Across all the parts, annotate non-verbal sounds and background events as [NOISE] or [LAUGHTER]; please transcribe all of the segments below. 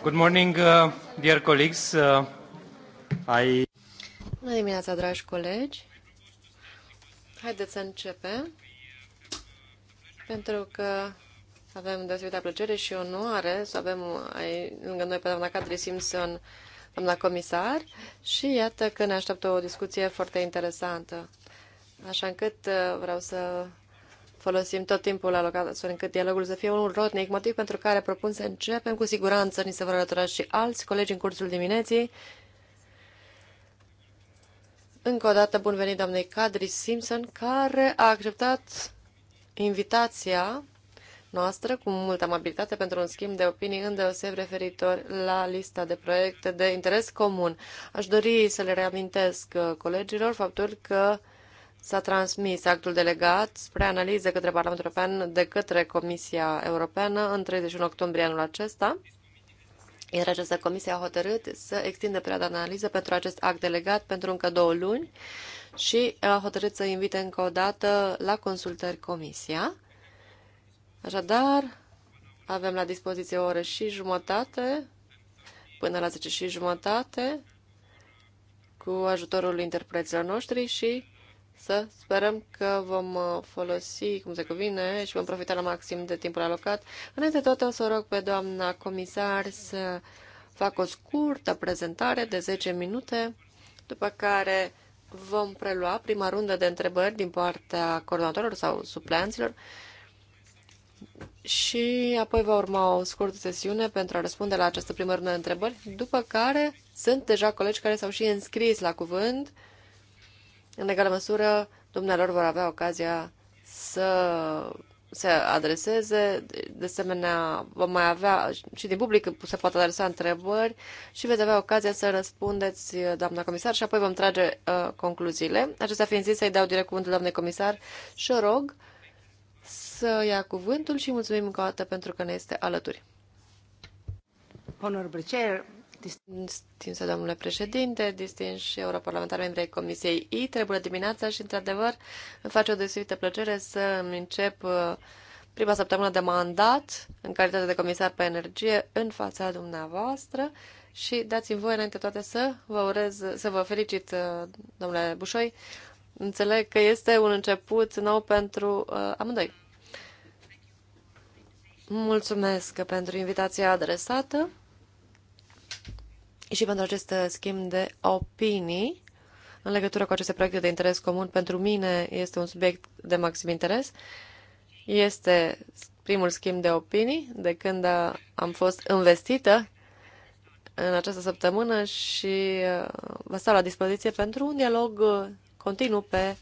Good morning, uh, dear colleagues. Uh, I... Bună dimineața, dragi colegi. Haideți să începem, pentru că avem deosebită plăcere și onoare să avem ai, lângă noi pe doamna Catri Simpson, doamna comisar, și iată că ne așteaptă o discuție foarte interesantă. Așa încât uh, vreau să folosim tot timpul alocat astfel încât dialogul să fie unul rotnic, motiv pentru care propun să începem cu siguranță, ni se vor alătura și alți colegi în cursul dimineții. Încă o dată, bun venit doamnei Cadri Simpson, care a acceptat invitația noastră cu multă amabilitate pentru un schimb de opinii îndeoseb referitor la lista de proiecte de interes comun. Aș dori să le reamintesc uh, colegilor faptul că S-a transmis actul delegat spre analiză către Parlamentul European de către Comisia Europeană în 31 octombrie anul acesta, iar această comisie a hotărât să extindă perioada de analiză pentru acest act delegat pentru încă două luni și a hotărât să invite încă o dată la consultări comisia. Așadar, avem la dispoziție o oră și jumătate până la 10 și jumătate cu ajutorul interpreților noștri și să sperăm că vom uh, folosi cum se cuvine și vom profita la maxim de timpul alocat. Înainte de toate o să rog pe doamna comisar să facă o scurtă prezentare de 10 minute, după care vom prelua prima rundă de întrebări din partea coordonatorilor sau supleanților și apoi va urma o scurtă sesiune pentru a răspunde la această primă rundă de întrebări, după care sunt deja colegi care s-au și înscris la cuvânt în egală măsură, dumnealor vor avea ocazia să se adreseze, de asemenea vom mai avea și din public se poate adresa întrebări și veți avea ocazia să răspundeți, doamna comisar, și apoi vom trage uh, concluziile. Acestea fiind zis, să-i dau direct cuvântul doamnei comisar și rog să ia cuvântul și mulțumim încă o dată pentru că ne este alături. Honorable Chair, Distinsă domnule președinte, distinși europarlamentari membri ai Comisiei I, trebuie dimineața și, într-adevăr, îmi face o desuită plăcere să încep uh, prima săptămână de mandat în calitate de comisar pe energie în fața dumneavoastră și dați-mi voie înainte toate să vă urez, să vă felicit, uh, domnule Bușoi. Înțeleg că este un început nou pentru uh, amândoi. Mulțumesc pentru invitația adresată și pentru acest uh, schimb de opinii în legătură cu aceste proiecte de interes comun. Pentru mine este un subiect de maxim interes. Este primul schimb de opinii de când uh, am fost investită în această săptămână și uh, vă stau la dispoziție pentru un dialog continuu pe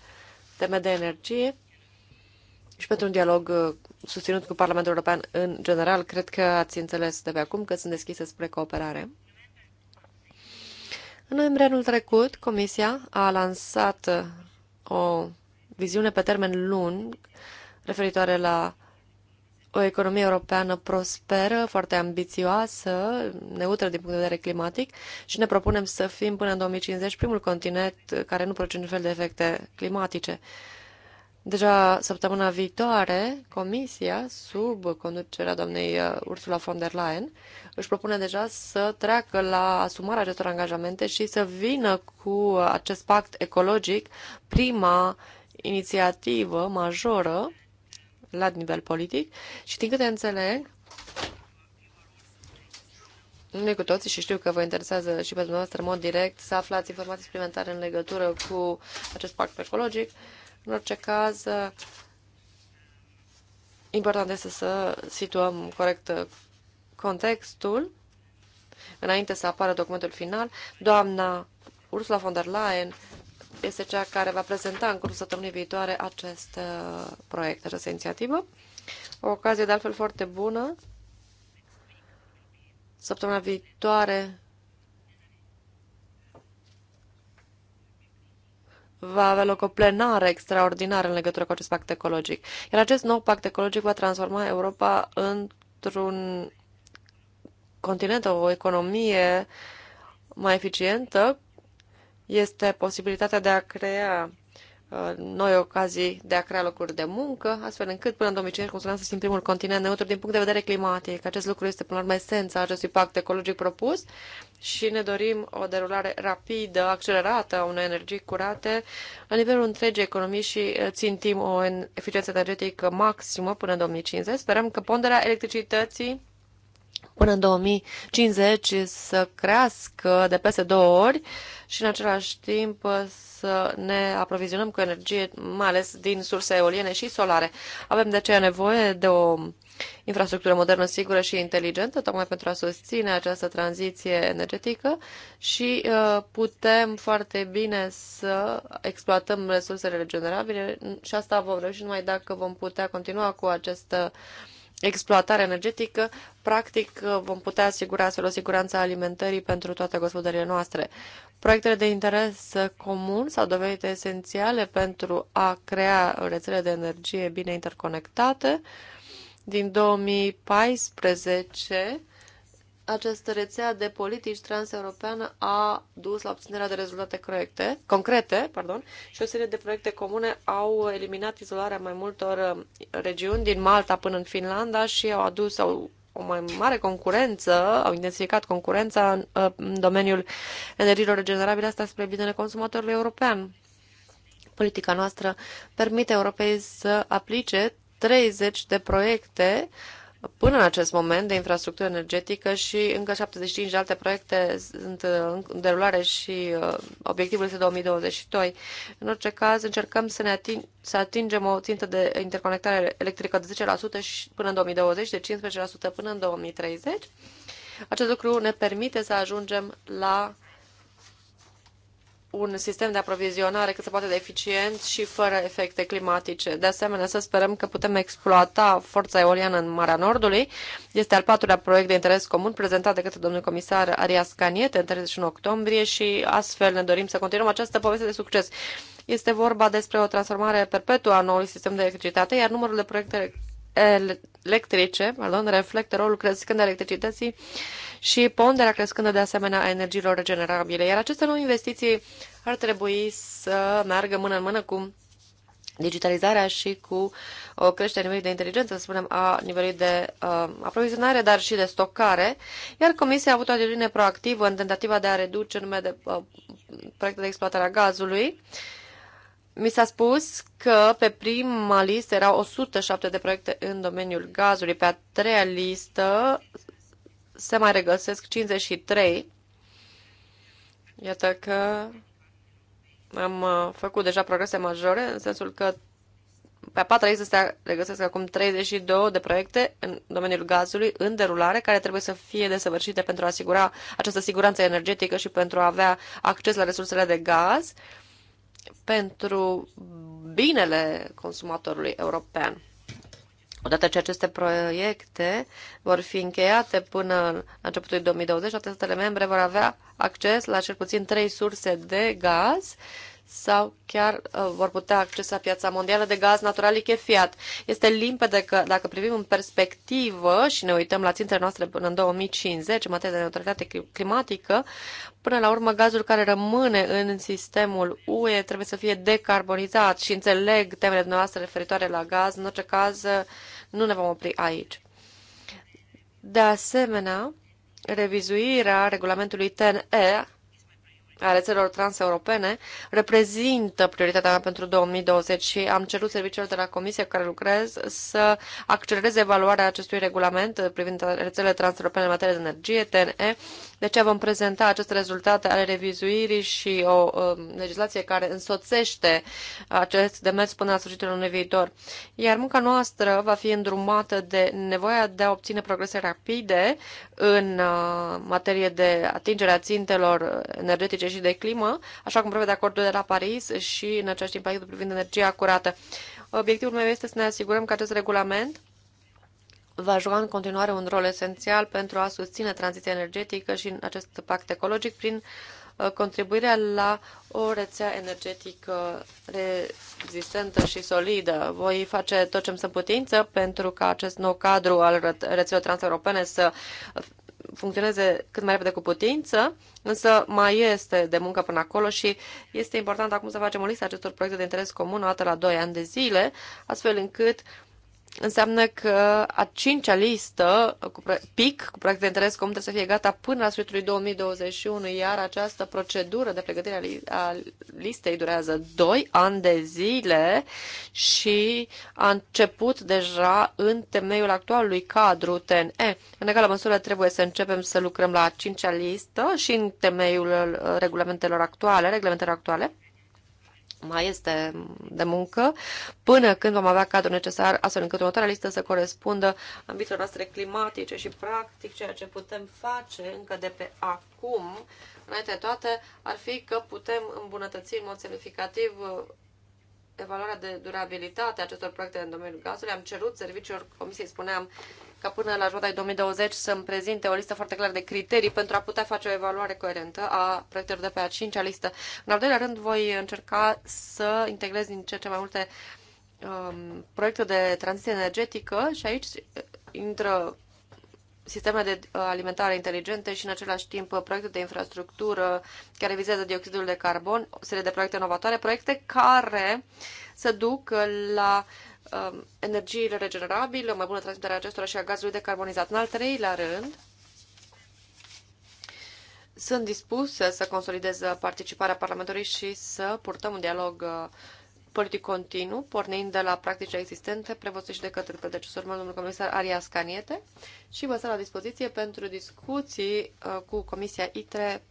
teme de energie și pentru un dialog susținut cu Parlamentul European în general. Cred că ați înțeles de pe acum că sunt deschise spre cooperare. În noiembrie anul trecut, Comisia a lansat uh, o viziune pe termen lung referitoare la o economie europeană prosperă, foarte ambițioasă, neutră din punct de vedere climatic și ne propunem să fim până în 2050 primul continent care nu produce niciun fel de efecte climatice. Deja săptămâna viitoare, Comisia, sub conducerea doamnei uh, Ursula von der Leyen, își propune deja să treacă la asumarea acestor angajamente și să vină cu uh, acest pact ecologic, prima inițiativă majoră la nivel politic și, din câte înțeleg, noi cu toții și știu că vă interesează și pe dumneavoastră în mod direct să aflați informații suplimentare în legătură cu acest pact ecologic. În orice caz, important este să situăm corect contextul înainte să apară documentul final. Doamna Ursula von der Leyen este cea care va prezenta în cursul săptămânii viitoare acest uh, proiect, această inițiativă. O ocazie de altfel foarte bună. Săptămâna viitoare va avea loc o plenară extraordinară în legătură cu acest pact ecologic. Iar acest nou pact ecologic va transforma Europa într-un continent, o economie mai eficientă. Este posibilitatea de a crea Uh, noi ocazii de a crea locuri de muncă, astfel încât până în 2050, cum spuneam, să fim primul continent neutru din punct de vedere climatic. Acest lucru este, până la urmă, esența acestui pact ecologic propus și ne dorim o derulare rapidă, accelerată a unei energii curate la nivelul întregii economii și uh, țintim o eficiență energetică maximă până în 2050. Sperăm că ponderea electricității până în 2050 să crească de peste două ori și în același timp să ne aprovizionăm cu energie, mai ales din surse eoliene și solare. Avem de aceea nevoie de o infrastructură modernă, sigură și inteligentă, tocmai pentru a susține această tranziție energetică și uh, putem foarte bine să exploatăm resursele regenerabile și asta vom reuși numai dacă vom putea continua cu această exploatare energetică, practic uh, vom putea asigura astfel o siguranță a alimentării pentru toate gospodările noastre. Proiectele de interes comun s-au dovedit esențiale pentru a crea rețele de energie bine interconectate. Din 2014, această rețea de politici transeuropeană a dus la obținerea de rezultate corecte, concrete pardon, și o serie de proiecte comune au eliminat izolarea mai multor uh, regiuni din Malta până în Finlanda și au adus au o mai mare concurență, au intensificat concurența în, uh, în domeniul energiilor regenerabile, asta spre binele consumatorului european. Politica noastră permite europei să aplice 30 de proiecte uh, până în acest moment de infrastructură energetică și încă 75 de alte proiecte sunt uh, în derulare și uh, obiectivul este 2022. În orice caz, încercăm să ne ating, să atingem o țintă de interconectare electrică de 10% și până în 2020, de 15% până în 2030. Acest lucru ne permite să ajungem la un sistem de aprovizionare cât se poate de eficient și fără efecte climatice. De asemenea, să sperăm că putem exploata forța eoliană în Marea Nordului. Este al patrulea proiect de interes comun prezentat de către domnul comisar Arias Caniete în 31 octombrie și astfel ne dorim să continuăm această poveste de succes. Este vorba despre o transformare perpetuă a noului sistem de electricitate, iar numărul de proiecte electrice, pardon, reflectă rolul crescând electricității și ponderea crescândă de asemenea a energiilor regenerabile. Iar aceste noi investiții ar trebui să meargă mână în mână cu digitalizarea și cu o creștere a nivelului de inteligență, să spunem, a nivelului de uh, aprovizionare, dar și de stocare, iar Comisia a avut o atitudine proactivă în tentativa de a reduce numele de uh, proiecte de exploatare a gazului, uh, mi s-a spus că pe prima listă erau 107 de proiecte în domeniul gazului, pe a treia listă se mai regăsesc 53. Iată că am uh, făcut deja progrese majore, în sensul că pe a patra listă se regăsesc acum 32 de proiecte în domeniul gazului în derulare, care trebuie să fie desăvârșite pentru a asigura această siguranță energetică și pentru a avea acces la resursele de gaz pentru binele consumatorului european. Odată ce aceste proiecte vor fi încheiate până la începutul 2020, toate statele membre vor avea acces la cel puțin trei surse de gaz uh, sau chiar uh, vor putea accesa piața mondială de gaz natural lichefiat. Este limpede că dacă privim în perspectivă și ne uităm la țintele noastre până în 2050 în materie de neutralitate climatică, până la urmă gazul care rămâne în sistemul UE trebuie să fie decarbonizat și înțeleg temele noastre referitoare la gaz. În orice caz, uh, nu ne vom opri aici. De asemenea, revizuirea regulamentului TNE a rețelelor transeuropene reprezintă prioritatea mea pentru 2020 și am cerut serviciilor de la Comisie care lucrez să accelereze evaluarea acestui regulament privind rețelele transeuropene în materie de energie, TNE, de ce vom prezenta aceste rezultate ale revizuirii și o legislație care însoțește acest demers până la sfârșitul unui viitor. Iar munca noastră va fi îndrumată de nevoia de a obține progrese rapide în uh, materie de atingerea țintelor energetice și de climă, așa cum prevede acordul de la Paris și în același timp privind energia curată. Obiectivul meu este să ne asigurăm că acest regulament va juca în continuare un rol esențial pentru a susține tranziția energetică și în acest pact ecologic prin uh, contribuirea la o rețea energetică rezistentă și solidă. Voi face tot ce îmi sunt putință pentru ca acest nou cadru al rețelor transeuropene să uh, funcționeze cât mai repede cu putință, însă mai este de muncă până acolo și este important acum să facem o listă acestor proiecte de interes comun o dată la 2 ani de zile, astfel încât uh, înseamnă că a cincea listă cu PIC, cu proiect de interes comun, trebuie să fie gata până la sfârșitul 2021, iar această procedură de pregătire a listei durează 2 ani de zile și a început deja în temeiul actualului cadru TNE. În egală măsură trebuie să începem să lucrăm la a cincea listă și în temeiul uh, regulamentelor actuale, reglementelor actuale, mai este de muncă, până când vom avea cadrul necesar, astfel încât următoarea listă să corespundă ambițiilor noastre climatice și, practic, ceea ce putem face încă de pe acum, înainte de toate, ar fi că putem îmbunătăți în mod semnificativ uh, evaluarea de durabilitate a acestor proiecte în domeniul gazului. Am cerut serviciilor comisiei, spuneam, ca până la jumătatea 2020 să-mi prezinte o listă foarte clară de criterii pentru a putea face o evaluare coerentă a proiectelor de pe a cincea listă. În al doilea rând, voi încerca să integrez din ce ce mai multe um, proiecte de tranziție energetică și aici intră sisteme de uh, alimentare inteligente și în același timp proiecte de infrastructură care vizează dioxidul de carbon, o serie de proiecte inovatoare, proiecte care să duc la uh, Um, energiile regenerabile, o mai bună transmitere a acestora și a gazului decarbonizat. În al treilea rând, sunt dispusă să consolidez participarea Parlamentului și să purtăm un dialog uh, politic continuu, pornind de la practici existente prevăzute și de către predecesorul meu, domnul comisar Arias Caniete, și vă stau la dispoziție pentru discuții uh, cu Comisia ITRE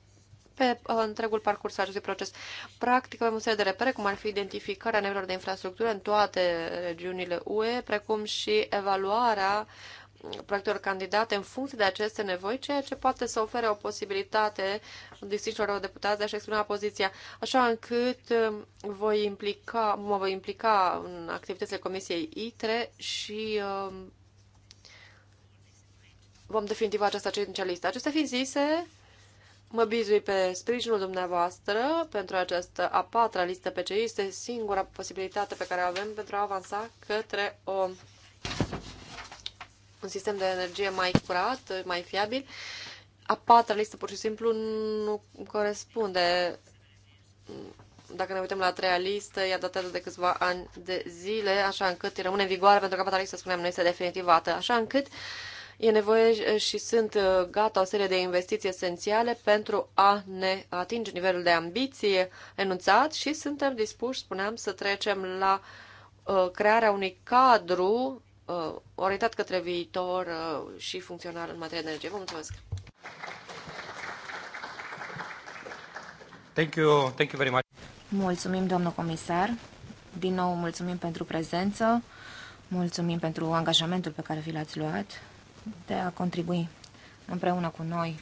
pe uh, întregul parcurs al acestui proces. Practic, avem o serie de repere, cum ar fi identificarea nevoilor de infrastructură în toate regiunile UE, precum și evaluarea proiectelor candidate în funcție de aceste nevoi, ceea ce poate să ofere o posibilitate distinșilor deputați de a-și exprima poziția, așa încât um, voi implica, mă voi implica în activitățile Comisiei ITRE și um, vom definitiva această cincea listă. Acestea fiind zise, Mă bizui pe sprijinul dumneavoastră pentru această a patra listă pe PCI. Este singura posibilitate pe care o avem pentru a avansa către o, un sistem de energie mai curat, mai fiabil. A patra listă pur și simplu nu corespunde. Dacă ne uităm la a treia listă, ea datează de câțiva ani de zile, așa încât rămâne în vigoare pentru că a patra listă, spuneam noi, este definitivată. Așa încât uh, E nevoie eh, și sunt eh, gata o serie de investiții esențiale pentru a ne atinge nivelul de ambiție enunțat și suntem dispuși, spuneam, să trecem la eh, crearea unui cadru orientat către viitor și funcțional în materie de energie. Vă mulțumesc! Thank you, thank you very much. Mulțumim, domnul comisar. Din nou, mulțumim pentru prezență. Mulțumim pentru angajamentul pe care vi l-ați luat de a contribui împreună cu noi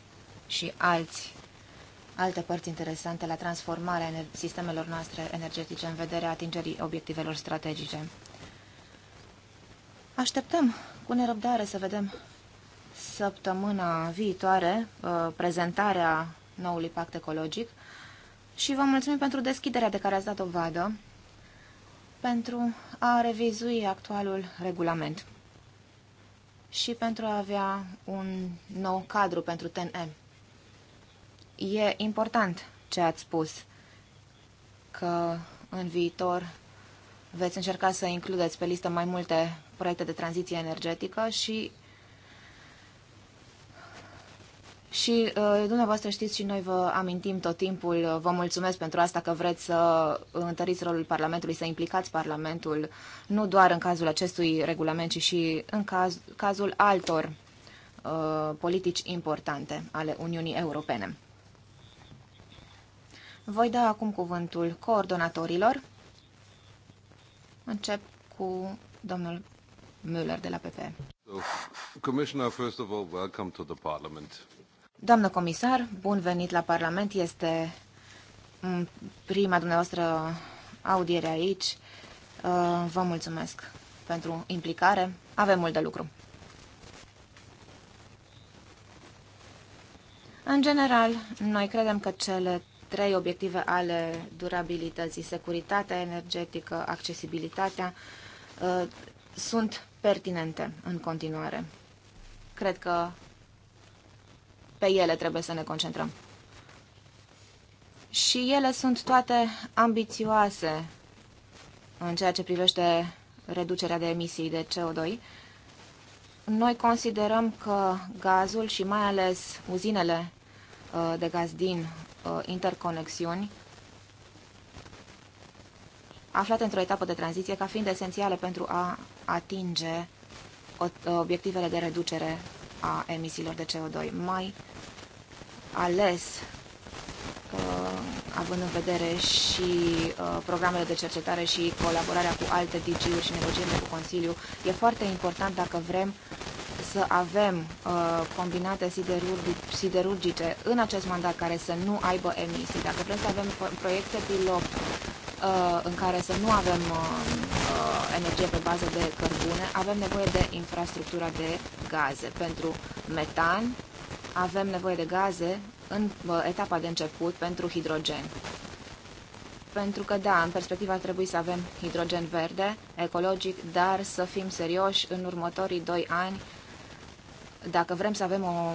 și alți, alte părți interesante la transformarea sistemelor noastre energetice în vederea atingerii obiectivelor strategice. Așteptăm cu nerăbdare să vedem săptămâna viitoare uh, prezentarea noului pact ecologic și vă mulțumim pentru deschiderea de care ați dat o vadă pentru a revizui actualul regulament și pentru a avea un nou cadru pentru TNM. E important ce ați spus, că în viitor veți încerca să includeți pe listă mai multe proiecte de tranziție energetică și Și uh, dumneavoastră știți și noi vă amintim tot timpul, uh, vă mulțumesc pentru asta că vreți să întăriți rolul Parlamentului, să implicați Parlamentul, nu doar în cazul acestui regulament, ci și în caz, cazul altor uh, politici importante ale Uniunii Europene. Voi da acum cuvântul coordonatorilor. Încep cu domnul Müller de la PP. So, Commissioner, first of all, welcome to the Parliament. Doamnă comisar, bun venit la Parlament. Este mm, prima dumneavoastră audiere aici. Uh, vă mulțumesc pentru implicare. Avem mult de lucru. În general, noi credem că cele trei obiective ale durabilității, securitatea energetică, accesibilitatea, uh, sunt pertinente în continuare. Cred că pe ele trebuie să ne concentrăm. Și ele sunt toate ambițioase în ceea ce privește reducerea de emisii de CO2. Noi considerăm că gazul și mai ales uzinele uh, de gaz din uh, interconexiuni aflate într-o etapă de tranziție ca fiind esențiale pentru a atinge uh, obiectivele de reducere a emisiilor de CO2. Mai ales, având în vedere și uh, programele de cercetare și colaborarea cu alte DG-uri și negocierile cu Consiliu, e foarte important dacă vrem să avem uh, combinate siderurgice în acest mandat care să nu aibă emisii. Dacă vrem să avem proiecte pilot uh, în care să nu avem energie pe bază de cărbune, avem nevoie de infrastructura de gaze pentru metan, avem nevoie de gaze în etapa de început pentru hidrogen. Pentru că, da, în perspectiva ar trebui să avem hidrogen verde, ecologic, dar să fim serioși în următorii doi ani, dacă vrem să avem o,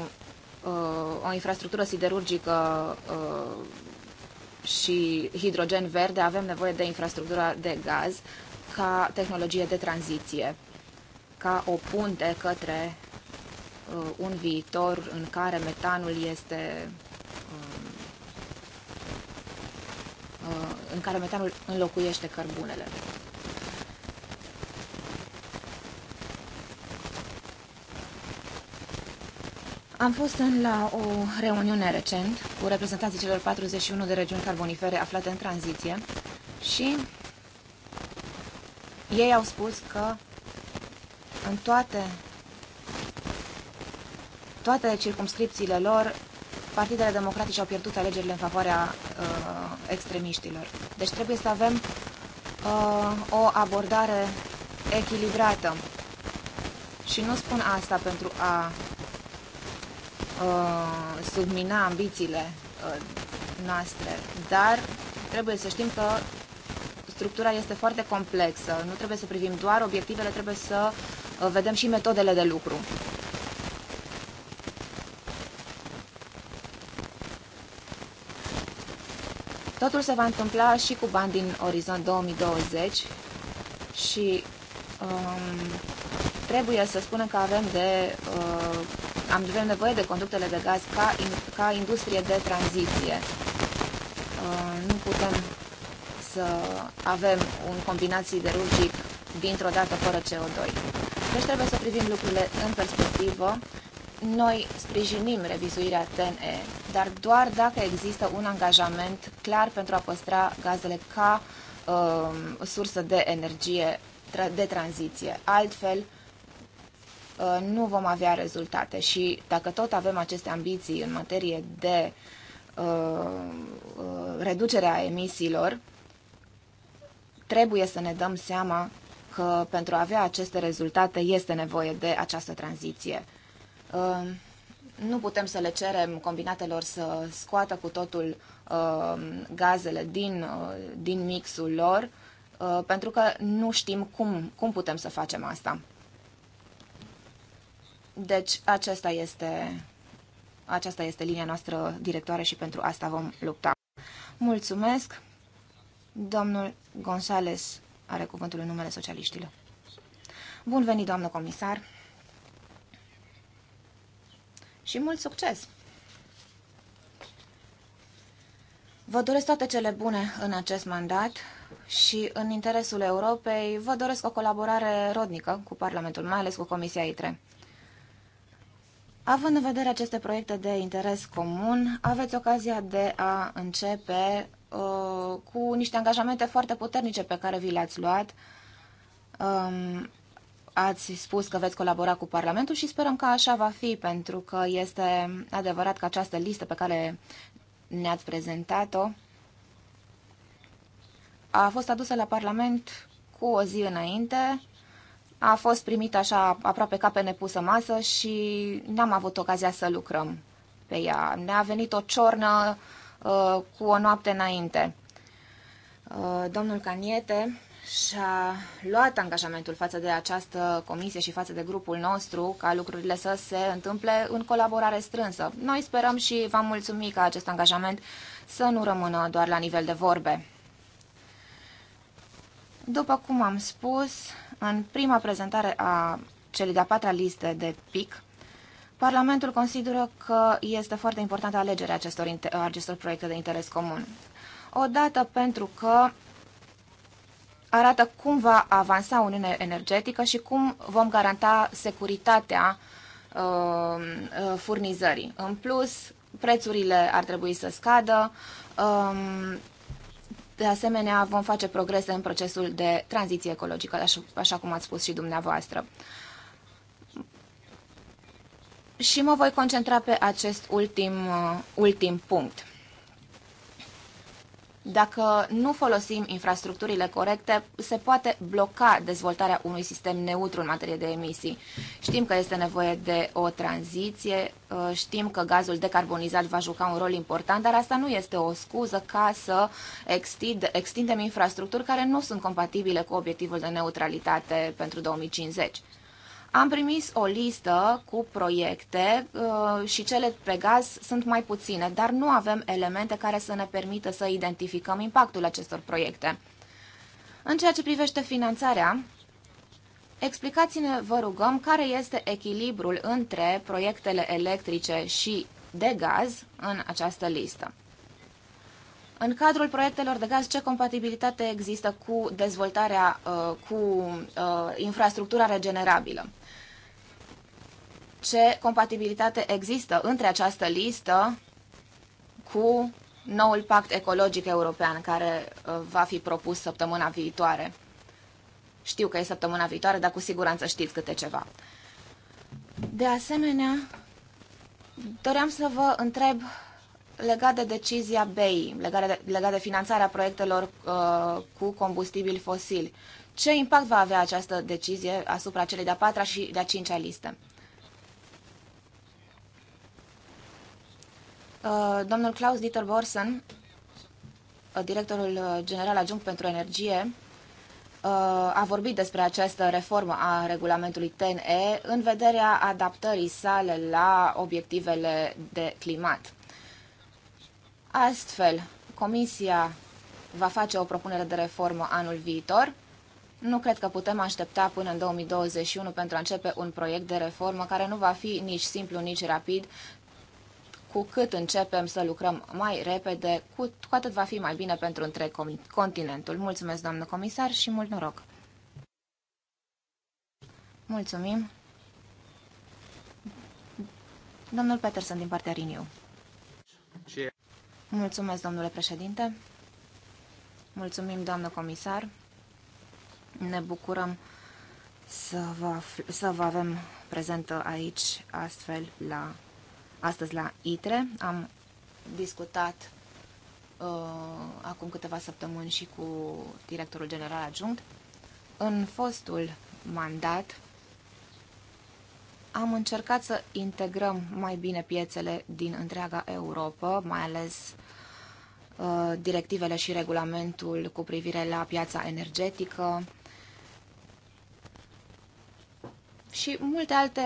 uh, o infrastructură siderurgică uh, și hidrogen verde, avem nevoie de infrastructura de gaz ca tehnologie de tranziție, ca o punte către Uh, un viitor în care metanul este um, uh, în care metanul înlocuiește cărbunele. Am fost în la o reuniune recent cu reprezentanții celor 41 de regiuni carbonifere aflate în tranziție și ei au spus că în toate toate circumscripțiile lor, partidele democratice au pierdut alegerile în favoarea uh, extremiștilor. Deci trebuie să avem uh, o abordare echilibrată. Și nu spun asta pentru a uh, submina ambițiile uh, noastre, dar trebuie să știm că structura este foarte complexă. Nu trebuie să privim doar obiectivele, trebuie să uh, vedem și metodele de lucru. Totul se va întâmpla și cu bani din Orizont 2020 și um, trebuie să spunem că avem de uh, am avem nevoie de conductele de gaz ca, in, ca industrie de tranziție. Uh, nu putem să avem un combinații de rugic dintr-o dată fără CO2. Deci trebuie să privim lucrurile în perspectivă. Noi sprijinim revizuirea TNE, dar doar dacă există un angajament clar pentru a păstra gazele ca uh, sursă de energie de tranziție. Altfel, uh, nu vom avea rezultate și dacă tot avem aceste ambiții în materie de uh, uh reducerea emisiilor, trebuie să ne dăm seama că pentru a avea aceste rezultate este nevoie de această tranziție. Uh, nu putem să le cerem combinatelor să scoată cu totul Um, gazele din, uh, din mixul lor, uh, pentru că nu știm cum, cum putem să facem asta. Deci acesta este, aceasta este linia noastră directoare și pentru asta vom lupta. Mulțumesc! Domnul Gonzales are cuvântul în numele socialiștilor. Bun venit, doamnă comisar! Și mult succes! Vă doresc toate cele bune în acest mandat și în interesul Europei vă doresc o colaborare rodnică cu Parlamentul, mai ales cu Comisia ITRE. Având în vedere aceste proiecte de interes comun, aveți ocazia de a începe uh, cu niște angajamente foarte puternice pe care vi le-ați luat. Um, ați spus că veți colabora cu Parlamentul și sperăm că așa va fi, pentru că este adevărat că această listă pe care ne-ați prezentat-o a fost adusă la Parlament cu o zi înainte, a fost primită așa aproape ca pe nepusă masă și n-am avut ocazia să lucrăm pe ea. Ne-a venit o ciornă uh, cu o noapte înainte. Uh, domnul Caniete și-a luat angajamentul față de această comisie și față de grupul nostru ca lucrurile să se întâmple în colaborare strânsă. Noi sperăm și v-am mulțumit ca acest angajament să nu rămână doar la nivel de vorbe. După cum am spus, în prima prezentare a celei de-a patra liste de PIC, Parlamentul consideră că este foarte importantă alegerea acestor, acestor proiecte de interes comun. Odată pentru că arată cum va avansa Uniunea Energetică și cum vom garanta securitatea uh, uh, furnizării. În plus, prețurile ar trebui să scadă. Um, de asemenea, vom face progrese în procesul de tranziție ecologică, așa, cum ați spus și dumneavoastră. Și mă voi concentra pe acest ultim, uh, ultim punct. Dacă nu folosim infrastructurile corecte, se poate bloca dezvoltarea unui sistem neutru în materie de emisii. Știm că este nevoie de o tranziție, uh, știm că gazul decarbonizat va juca un rol important, dar asta nu este o scuză ca să extind, extindem infrastructuri care nu sunt compatibile cu obiectivul de neutralitate pentru 2050. Am primit o listă cu proiecte uh, și cele pe gaz sunt mai puține, dar nu avem elemente care să ne permită să identificăm impactul acestor proiecte. În ceea ce privește finanțarea, explicați-ne, vă rugăm, care este echilibrul între proiectele electrice și de gaz în această listă. În cadrul proiectelor de gaz, ce compatibilitate există cu dezvoltarea, uh, cu uh, infrastructura regenerabilă? ce compatibilitate există între această listă cu noul pact ecologic european care uh, va fi propus săptămâna viitoare. Știu că e săptămâna viitoare, dar cu siguranță știți câte ceva. De asemenea, doream să vă întreb legat de decizia BEI, legat de, legat de finanțarea proiectelor uh, cu combustibili fosili. Ce impact va avea această decizie asupra celei de-a patra și de-a cincea listă? Uh, domnul Klaus Dieter Borsen, uh, directorul uh, general adjunct pentru energie, a vorbit despre această reformă a regulamentului TNE în vederea adaptării sale la obiectivele de climat. Astfel, Comisia va face o propunere de reformă anul viitor. Nu cred că putem aștepta până în 2021 pentru a începe un proiect de reformă care nu va fi nici simplu, nici rapid, cu cât începem să lucrăm mai repede, cu, cu atât va fi mai bine pentru întreg continentul. Mulțumesc, doamnă comisar, și mult noroc! Mulțumim! Domnul Peterson din partea Riniu. Mulțumesc, domnule președinte. Mulțumim, doamnă comisar. Ne bucurăm să vă, să vă avem prezentă aici, astfel, la astăzi la ITRE. Am discutat uh, acum câteva săptămâni și cu directorul general adjunct. În fostul mandat am încercat să integrăm mai bine piețele din întreaga Europa, mai ales uh, directivele și regulamentul cu privire la piața energetică, și multe alte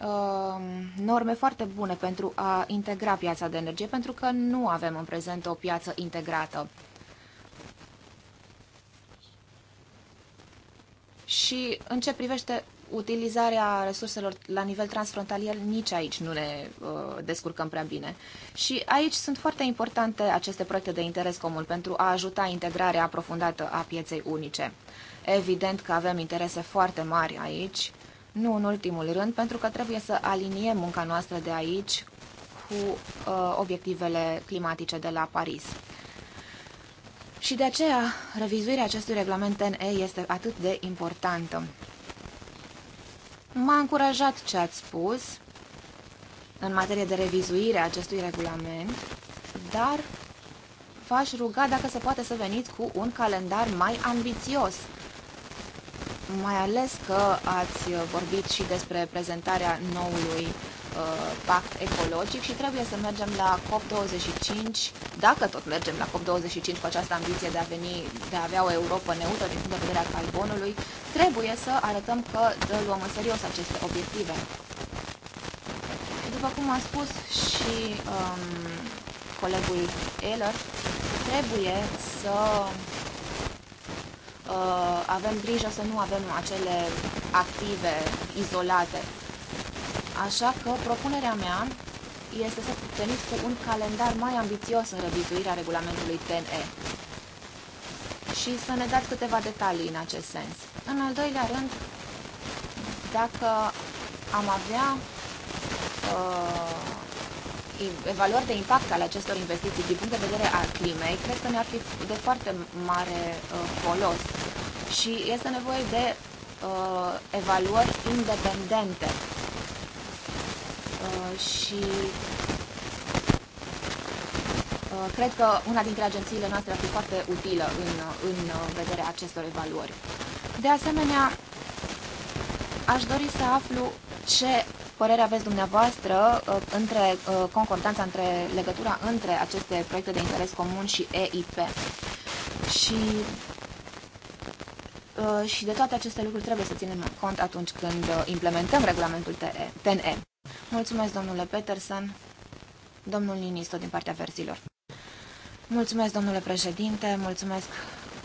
uh, norme foarte bune pentru a integra piața de energie, pentru că nu avem în prezent o piață integrată. Și în ce privește utilizarea resurselor la nivel transfrontalier, nici aici nu ne uh, descurcăm prea bine. Și aici sunt foarte importante aceste proiecte de interes comun pentru a ajuta integrarea aprofundată a pieței unice. Evident că avem interese foarte mari aici nu în ultimul rând, pentru că trebuie să aliniem munca noastră de aici cu uh, obiectivele climatice de la Paris. Și de aceea, revizuirea acestui regulament NE este atât de importantă. M-a încurajat ce ați spus în materie de revizuire a acestui regulament, dar v-aș ruga dacă se poate să veniți cu un calendar mai ambițios mai ales că ați vorbit și despre prezentarea noului uh, pact ecologic și trebuie să mergem la COP25, dacă tot mergem la COP25 cu această ambiție de a, veni, de a avea o Europa neutră din punct de vedere al carbonului, trebuie să arătăm că luăm în serios aceste obiective. După cum a spus și um, colegul Eller, trebuie să Uh, avem grijă să nu avem acele active izolate. Așa că propunerea mea este să veniți cu un calendar mai ambițios în revizuirea regulamentului TNE și să ne dați câteva detalii în acest sens. În al doilea rând, dacă am avea uh, evaluări de impact ale acestor investiții din punct de vedere al climei, cred că ne-ar fi de foarte mare uh, folos. Și este nevoie de uh, evaluări independente. Uh, și uh, cred că una dintre agențiile noastre ar fi foarte utilă în, în vederea acestor evaluări. De asemenea, aș dori să aflu ce părere aveți dumneavoastră uh, între uh, concordanța, între legătura între aceste proiecte de interes comun și EIP? Și, uh, și de toate aceste lucruri trebuie să ținem cont atunci când implementăm regulamentul TNE. Mulțumesc, domnule Peterson, domnul Ninisto din partea verzilor. Mulțumesc, domnule președinte, mulțumesc,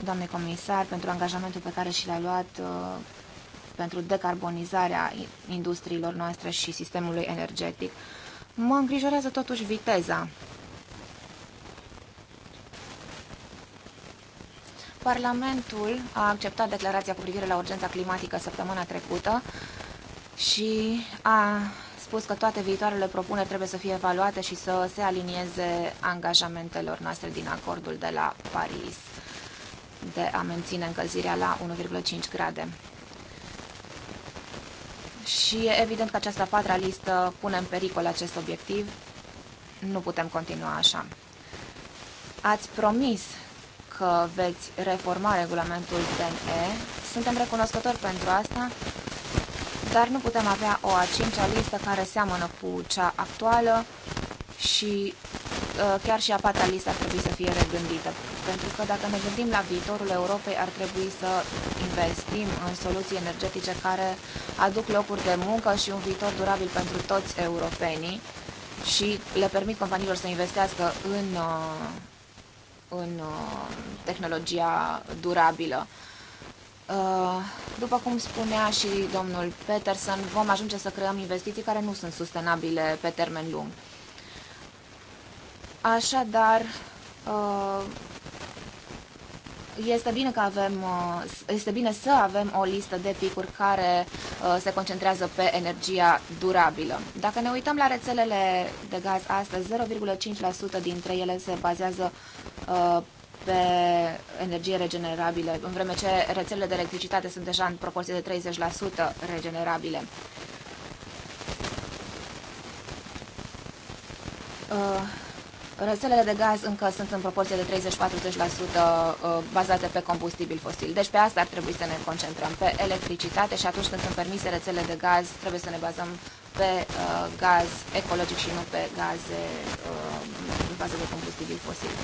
doamne comisar, pentru angajamentul pe care și l-a luat pentru decarbonizarea industriilor noastre și sistemului energetic. Mă îngrijorează totuși viteza. Parlamentul a acceptat declarația cu privire la urgența climatică săptămâna trecută și a spus că toate viitoarele propuneri trebuie să fie evaluate și să se alinieze angajamentelor noastre din acordul de la Paris de a menține încălzirea la 1,5 grade și e evident că această patra listă pune în pericol acest obiectiv. Nu putem continua așa. Ați promis că veți reforma regulamentul TNE. Suntem recunoscători pentru asta, dar nu putem avea o a cincea listă care seamănă cu cea actuală și Uh, chiar și a patra listă ar trebui să fie regândită. Pentru că dacă ne gândim la viitorul Europei, ar trebui să investim în soluții energetice care aduc locuri de muncă și un viitor durabil pentru toți europenii și le permit companiilor să investească în, uh, în uh, tehnologia durabilă. După cum spunea și domnul Peterson, vom ajunge să creăm investiții care nu sunt sustenabile pe termen lung. Așadar, uh, este bine, că avem, uh, este bine să avem o listă de picuri care uh, se concentrează pe energia durabilă. Dacă ne uităm la rețelele de gaz astăzi, 0,5% dintre ele se bazează pe energie regenerabilă, în vreme ce rețelele de electricitate sunt deja în proporție de 30% regenerabile. Uh, Rețelele de gaz încă sunt în proporție de 30-40% uh, bazate pe combustibil fosil. Deci pe asta ar trebui să ne concentrăm, pe electricitate și atunci când sunt permise rețele de gaz, trebuie să ne bazăm pe uh, gaz ecologic și nu pe gaze uh, în bază de combustibil fosil. Uh,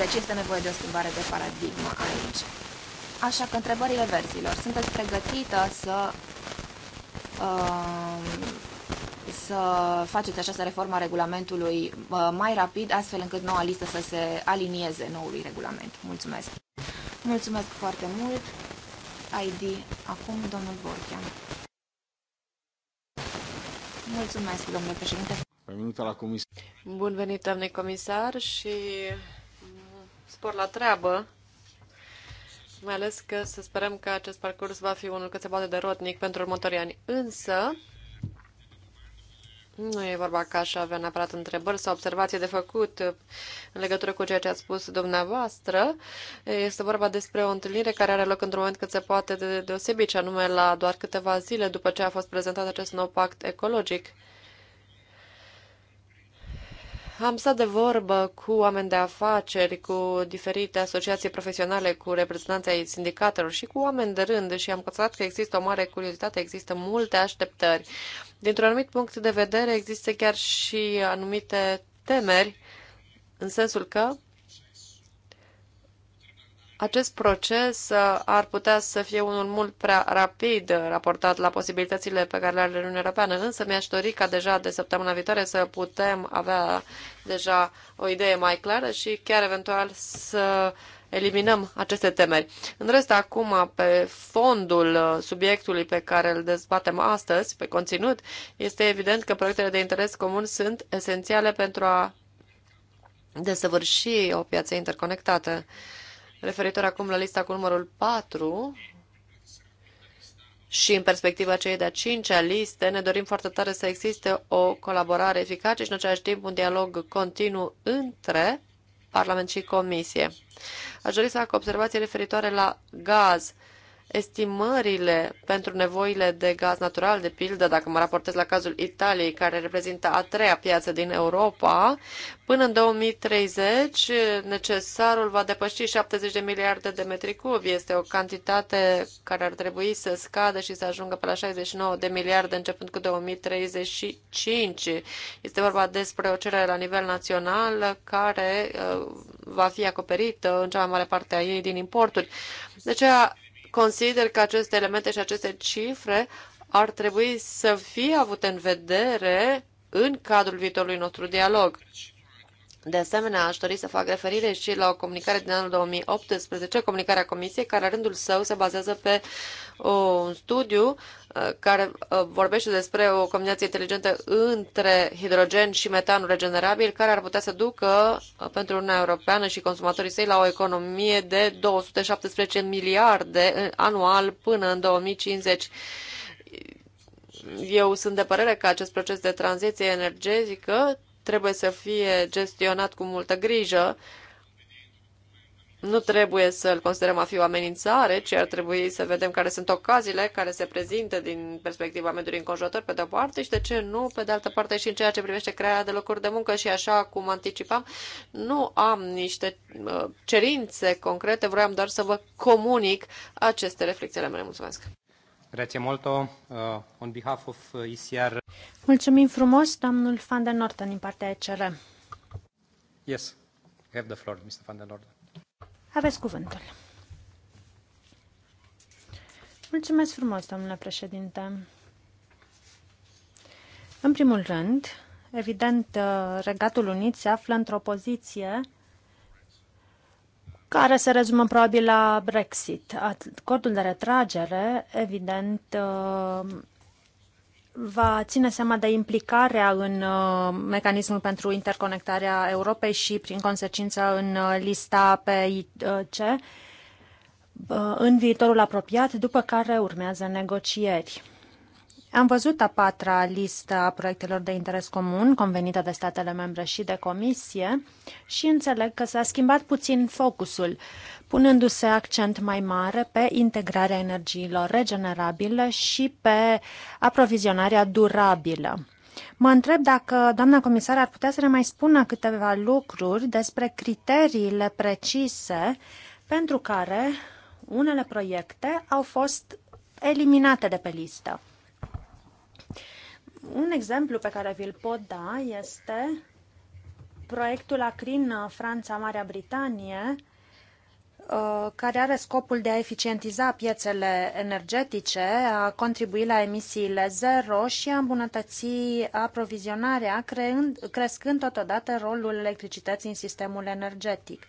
deci este nevoie de o schimbare de paradigmă aici. Așa că întrebările verzilor. Sunteți pregătită să uh, să faceți această reformă a regulamentului uh, mai rapid, astfel încât noua listă să se alinieze noului regulament. Mulțumesc! Mulțumesc foarte mult! ID acum, domnul Borchea. Mulțumesc, domnule președinte! Benvenuta la comisie. Bun venit, doamne comisar, și spor la treabă. Mai ales că să sperăm că acest parcurs va fi unul cât se poate de rotnic pentru următorii ani. Însă, nu e vorba că aș avea neapărat întrebări sau observații de făcut în legătură cu ceea ce a spus dumneavoastră. Este vorba despre o întâlnire care are loc într-un moment cât se poate de deosebit, și anume la doar câteva zile după ce a fost prezentat acest nou pact ecologic. Am stat de vorbă cu oameni de afaceri, cu diferite asociații profesionale, cu reprezentanții ai sindicatelor și cu oameni de rând și am constatat că există o mare curiozitate, există multe așteptări. Dintr-un anumit punct de vedere există chiar și anumite temeri, în sensul că acest proces uh, ar putea să fie unul mult prea rapid raportat la posibilitățile pe care le are Uniunea Europeană, însă mi-aș dori ca deja de săptămâna viitoare să putem avea deja o idee mai clară și chiar eventual să eliminăm aceste temeri. În rest, acum, pe fondul subiectului pe care îl dezbatem astăzi, pe conținut, este evident că proiectele de interes comun sunt esențiale pentru a desăvârși o piață interconectată referitor acum la lista cu numărul 4 și în perspectiva cei de-a cincea liste, ne dorim foarte tare să existe o colaborare eficace și în același timp un dialog continuu între Parlament și Comisie. Aș dori să fac observații referitoare la gaz estimările pentru nevoile de gaz natural, de pildă, dacă mă raportez la cazul Italiei, care reprezintă a treia piață din Europa, până în 2030 necesarul va depăși 70 de miliarde de metri cubi. Este o cantitate care ar trebui să scadă și să ajungă pe la 69 de miliarde începând cu 2035. Este vorba despre o cerere la nivel național care uh, va fi acoperită în cea mai mare parte a ei din importuri. Deci Consider că aceste elemente și aceste cifre ar trebui să fie avute în vedere în cadrul viitorului nostru dialog. De asemenea, aș dori să fac referire și la o comunicare din anul 2018, comunicarea Comisiei, care la rândul său se bazează pe uh, un studiu uh, care uh, vorbește despre o combinație inteligentă între hidrogen și metanul regenerabil, care ar putea să ducă pentru Uniunea Europeană și consumatorii săi la o economie de 217 miliarde anual până în 2050 eu sunt de părere că acest proces de tranziție energetică trebuie să fie gestionat cu multă grijă. Nu trebuie să-l considerăm a fi o amenințare, ci ar trebui să vedem care sunt ocaziile care se prezintă din perspectiva mediului înconjurător, pe de-o parte, și de ce nu, pe de altă parte, și în ceea ce privește crearea de locuri de muncă. Și așa cum anticipam, nu am niște uh, cerințe concrete, vroiam doar să vă comunic aceste reflexii ale mele. Mulțumesc! Uh, on behalf of ICR. Uh, Mulțumim frumos, domnul Van der Norten, din partea ECR. Yes, have the floor, Mr. Van der Norten. Aveți cuvântul. Mulțumesc frumos, domnule președinte. În primul rând, evident, uh, Regatul Unit se află într-o poziție care se rezumă probabil la Brexit. Acordul de retragere, evident, uh, va ține seama de implicarea în uh, mecanismul pentru interconectarea Europei și, prin consecință, în uh, lista PIC în viitorul apropiat, după care urmează negocieri. Am văzut a patra listă a proiectelor de interes comun convenită de statele membre și de comisie și înțeleg că s-a schimbat puțin focusul, punându-se accent mai mare pe integrarea energiilor regenerabile și pe aprovizionarea durabilă. Mă întreb dacă doamna comisar ar putea să ne mai spună câteva lucruri despre criteriile precise pentru care unele proiecte au fost eliminate de pe listă. Un exemplu pe care vi-l pot da este proiectul ACRIN uh, Franța-Marea Britanie, uh, care are scopul de a eficientiza piețele energetice, a contribui la emisiile zero și a îmbunătăți aprovizionarea, creând, crescând totodată rolul electricității în sistemul energetic.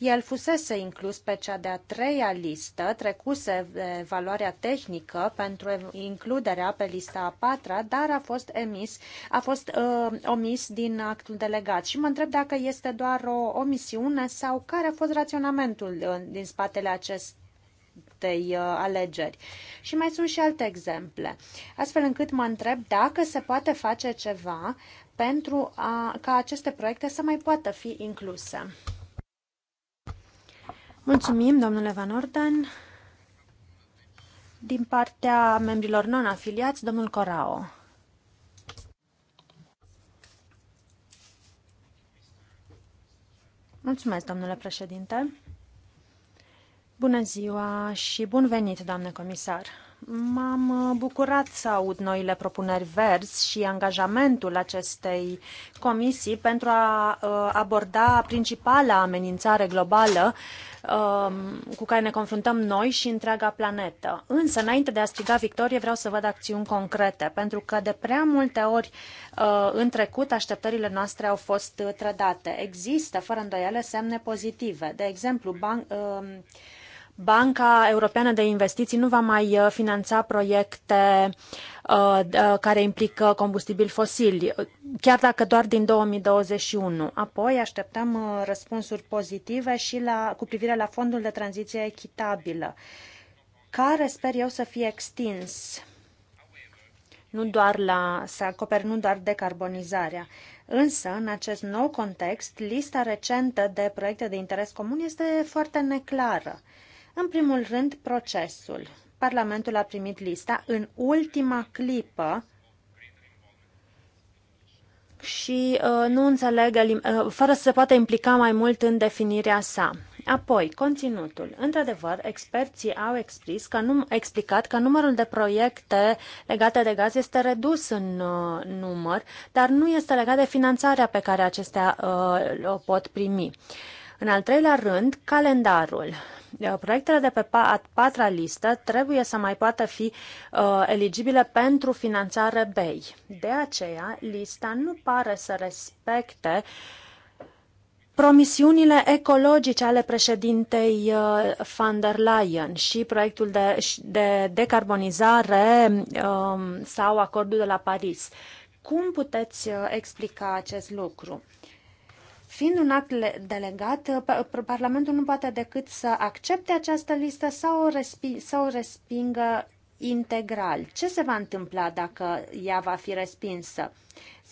El fusese inclus pe cea de-a treia listă, trecuse valoarea tehnică pentru includerea pe lista a patra, dar a fost emis, a fost uh, omis din actul delegat. Și mă întreb dacă este doar o omisiune sau care a fost raționamentul ă, din spatele acestui acestei ă, alegeri. Și mai sunt și alte exemple, astfel încât mă întreb dacă se poate face ceva pentru a, ca aceste proiecte să mai poată fi incluse. Mulțumim, domnule Van Orden. Din partea membrilor non-afiliați, domnul Corao. Mulțumesc, domnule președinte. Bună ziua și bun venit, doamne comisar. M-am bucurat să aud noile propuneri verzi și angajamentul acestei comisii pentru a uh, aborda principala amenințare globală Um, cu care ne confruntăm noi și întreaga planetă. Însă, înainte de a striga victorie, vreau să văd acțiuni concrete, pentru că de prea multe ori uh, în trecut așteptările noastre au fost trădate. Există, fără îndoială, semne pozitive. De exemplu, ban- um, Banca Europeană de Investiții nu va mai uh, finanța proiecte uh, uh, care implică combustibili fosili, chiar dacă doar din 2021. Apoi așteptăm răspunsuri pozitive și la, cu privire la fondul de tranziție echitabilă, care sper eu să fie extins nu doar la, să acoperi nu doar decarbonizarea. Însă, în acest nou context, lista recentă de proiecte de interes comun este foarte neclară. În primul rând, procesul. Parlamentul a primit lista în ultima clipă și uh, nu înțeleg, uh, uh, fără să se poată implica mai mult în definirea sa. Apoi, conținutul. Într-adevăr, experții au expris că num- explicat că numărul de proiecte legate de gaz este redus în uh, număr, dar nu este legat de finanțarea pe care acestea uh, o pot primi. În al treilea rând, calendarul. Uh, proiectele de pe a patra listă trebuie să mai poată fi uh, eligibile pentru finanțare BEI. De aceea, lista nu pare să respecte promisiunile ecologice ale președintei uh, van der Leyen și proiectul de, de decarbonizare um, sau acordul de la Paris. Cum puteți uh, explica acest lucru? Fiind un act delegat, uh, Parlamentul nu poate decât să accepte această listă sau o, respi- sau o respingă integral. Ce se va întâmpla dacă ea va fi respinsă?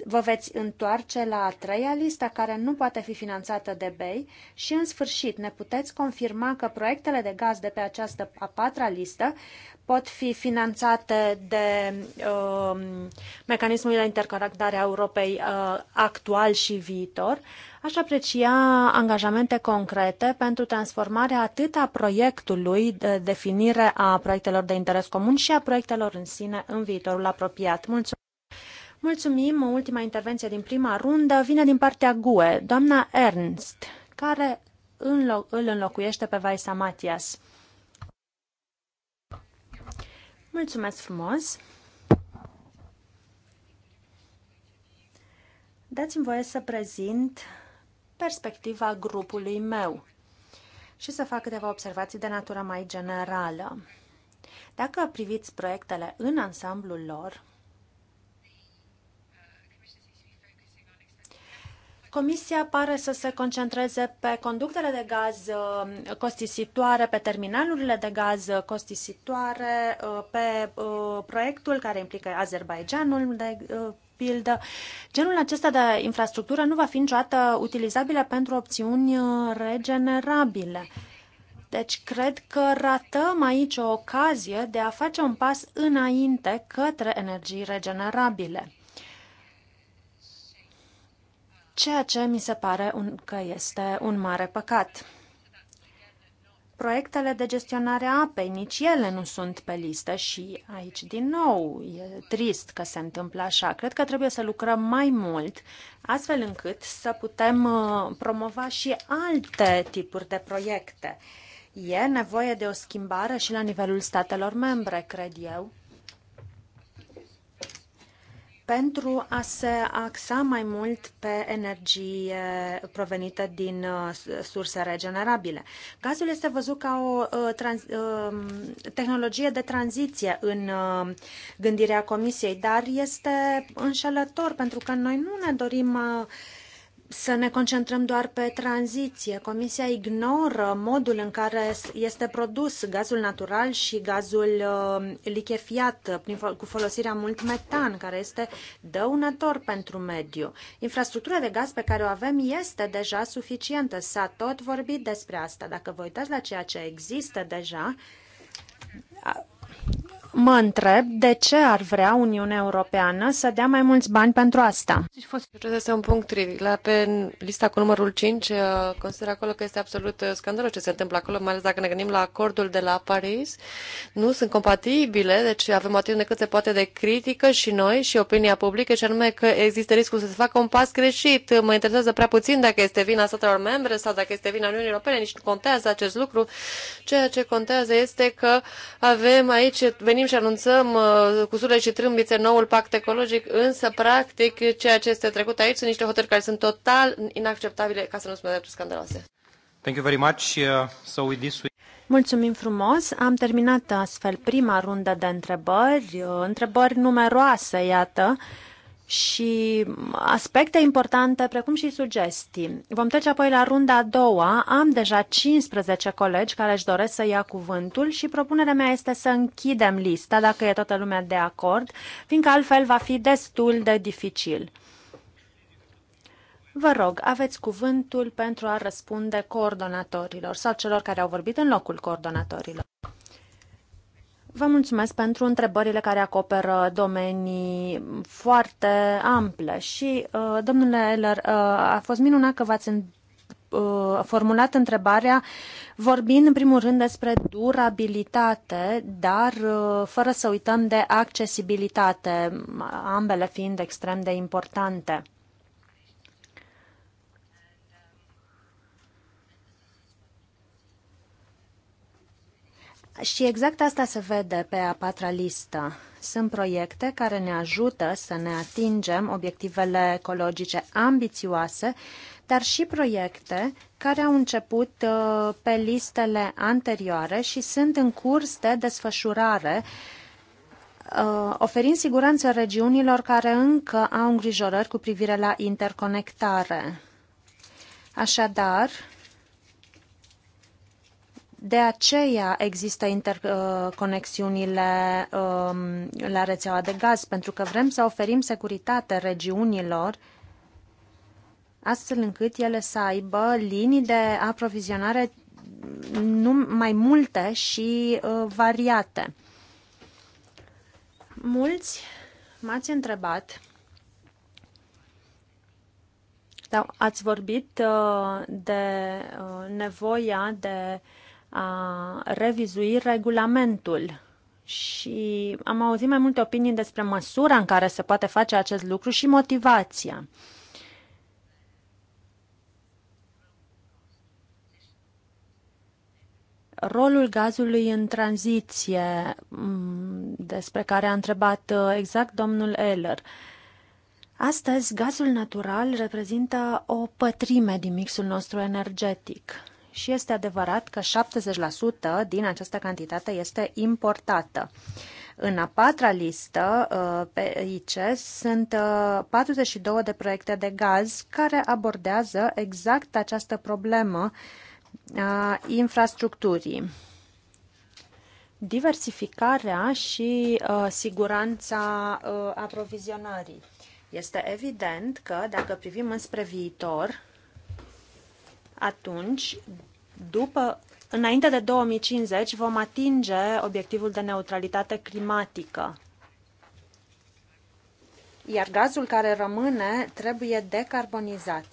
vă veți întoarce la a treia listă care nu poate fi finanțată de BEI și, în sfârșit, ne puteți confirma că proiectele de gaz de pe această a patra listă pot fi finanțate de uh, mecanismul de interconectare a Europei uh, actual și viitor. Aș aprecia angajamente concrete pentru transformarea atât a proiectului de definire a proiectelor de interes comun și a proiectelor în sine în viitorul apropiat. Mulțumesc! Mulțumim. O ultima intervenție din prima rundă vine din partea GUE, doamna Ernst, care înlo- îl înlocuiește pe Vaisa Matias. Mulțumesc frumos! Dați-mi voie să prezint perspectiva grupului meu și să fac câteva observații de natură mai generală. Dacă priviți proiectele în ansamblul lor, Comisia pare să se concentreze pe conductele de gaz uh, costisitoare, pe terminalurile de gaz costisitoare, uh, pe uh, proiectul care implică Azerbaijanul de pildă. Genul acesta de infrastructură nu va fi niciodată utilizabilă pentru opțiuni regenerabile. Deci cred că ratăm aici o ocazie de a face un pas înainte către energii regenerabile ceea ce mi se pare un, că este un mare păcat. Proiectele de gestionare a apei, nici ele nu sunt pe listă și aici, din nou, e trist că se întâmplă așa. Cred că trebuie să lucrăm mai mult, astfel încât să putem uh, promova și alte tipuri de proiecte. E nevoie de o schimbare și la nivelul statelor membre, cred eu pentru a se axa mai mult pe energie provenită din uh, surse regenerabile. Gazul este văzut ca o uh, trans, um, tehnologie de tranziție în uh, gândirea Comisiei, dar este înșelător pentru că noi nu ne dorim să ne concentrăm doar pe tranziție. Comisia ignoră modul în care este produs gazul natural și gazul uh, lichefiat prin, cu folosirea mult metan, care este dăunător pentru mediu. Infrastructura de gaz pe care o avem este deja suficientă. S-a tot vorbit despre asta. Dacă vă uitați la ceea ce există deja, mă întreb de ce ar vrea Uniunea Europeană să dea mai mulți bani pentru asta. Acesta este un punct trivial. Pe lista cu numărul 5 uh, consider acolo că este absolut uh, scandalos ce se întâmplă acolo, mai ales dacă ne gândim la acordul de la Paris. Nu sunt compatibile, deci avem o atitudine cât se poate de critică și noi și opinia publică, și anume că există riscul să se facă un pas greșit. Mă interesează prea puțin dacă este vina statelor membre sau dacă este vina Uniunii Europene, nici nu contează acest lucru. Ceea ce contează este că avem aici, venim vorbim și anunțăm uh, cu sule și trâmbițe noul pact ecologic, însă, practic, ceea ce este trecut aici sunt niște hotărâri care sunt total inacceptabile, ca să nu spunem dreptul scandaloase. Thank you very much. Uh, so with this we... Mulțumim frumos! Am terminat astfel prima rundă de întrebări, uh, întrebări numeroase, iată, și aspecte importante, precum și sugestii. Vom trece apoi la runda a doua. Am deja 15 colegi care își doresc să ia cuvântul și propunerea mea este să închidem lista, dacă e toată lumea de acord, fiindcă altfel va fi destul de dificil. Vă rog, aveți cuvântul pentru a răspunde coordonatorilor sau celor care au vorbit în locul coordonatorilor. Vă mulțumesc pentru întrebările care acoperă domenii foarte ample și, uh, domnule Eller, uh, a fost minunat că v-ați uh, formulat întrebarea vorbind în primul rând despre durabilitate, dar fără să uităm de accesibilitate, ambele fiind extrem de importante. Și exact asta se vede pe a patra listă. Sunt proiecte care ne ajută să ne atingem obiectivele ecologice ambițioase, dar și proiecte care au început uh, pe listele anterioare și sunt în curs de desfășurare, uh, oferind siguranță regiunilor care încă au îngrijorări cu privire la interconectare. Așadar, de aceea există interconexiunile um, la rețeaua de gaz, pentru că vrem să oferim securitate regiunilor astfel încât ele să aibă linii de aprovizionare mai multe și uh, variate. Mulți m-ați întrebat da, ați vorbit uh, de uh, nevoia de a revizui regulamentul și am auzit mai multe opinii despre măsura în care se poate face acest lucru și motivația. rolul gazului în tranziție, despre care a întrebat uh, exact domnul Eller. Astăzi, gazul natural reprezintă o pătrime din mixul nostru energetic și este adevărat că 70% din această cantitate este importată. În a patra listă uh, pe ICES sunt 42 uh, de proiecte de gaz care abordează exact această problemă a uh, infrastructurii. Diversificarea și siguranța aprovizionării. Este evident că dacă privim înspre viitor, atunci, după, înainte de 2050, vom atinge obiectivul de neutralitate climatică. Iar gazul care rămâne trebuie decarbonizat.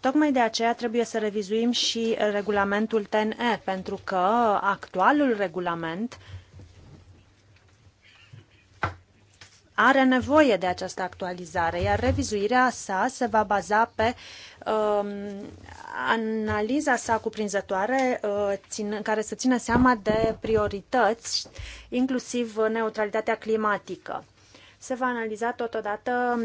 Tocmai de aceea trebuie să revizuim și regulamentul TNE, pentru că actualul regulament are nevoie de această actualizare, iar revizuirea sa se va baza pe um, analiza sa cuprinzătoare uh, țin, care să țină seama de priorități, inclusiv neutralitatea climatică. Se va analiza totodată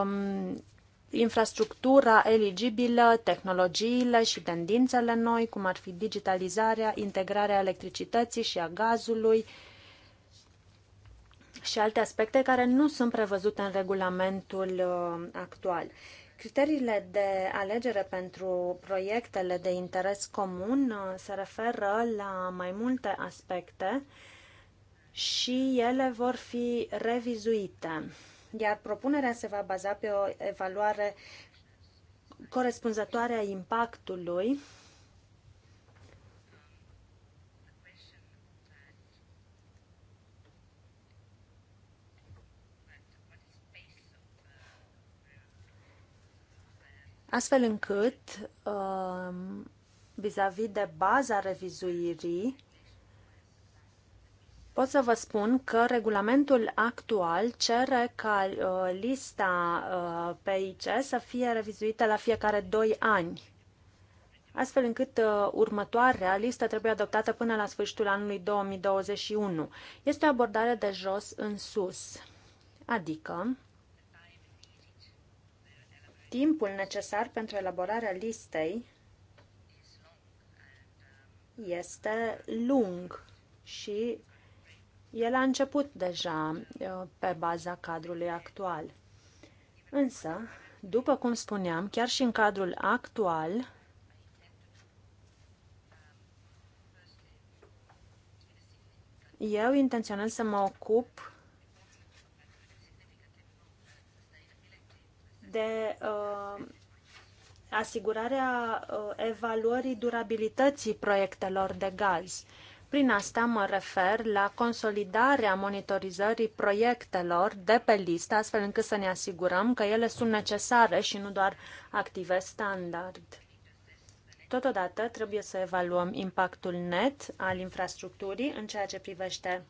um, infrastructura eligibilă, tehnologiile și tendințele noi, cum ar fi digitalizarea, integrarea electricității și a gazului, uh, și alte aspecte care nu sunt prevăzute în regulamentul uh, actual. Criteriile de alegere pentru proiectele de interes comun uh, se referă la mai multe aspecte și ele vor fi revizuite, iar propunerea se va baza pe o evaluare corespunzătoare a impactului astfel încât, um, vis-a-vis -vis de baza revizuirii, pot să vă spun că regulamentul actual cere ca uh, lista uh, PIC să fie revizuită la fiecare 2 ani astfel încât uh, următoarea listă trebuie adoptată până la sfârșitul anului 2021. Este o abordare de jos în sus, adică Timpul necesar pentru elaborarea listei este lung și el a început deja pe baza cadrului actual. Însă, după cum spuneam, chiar și în cadrul actual, eu intenționez să mă ocup de uh, asigurarea uh, evaluării durabilității proiectelor de gaz. Prin asta mă refer la consolidarea monitorizării proiectelor de pe listă, astfel încât să ne asigurăm că ele sunt necesare și nu doar active standard. Totodată trebuie să evaluăm impactul net al infrastructurii în ceea ce privește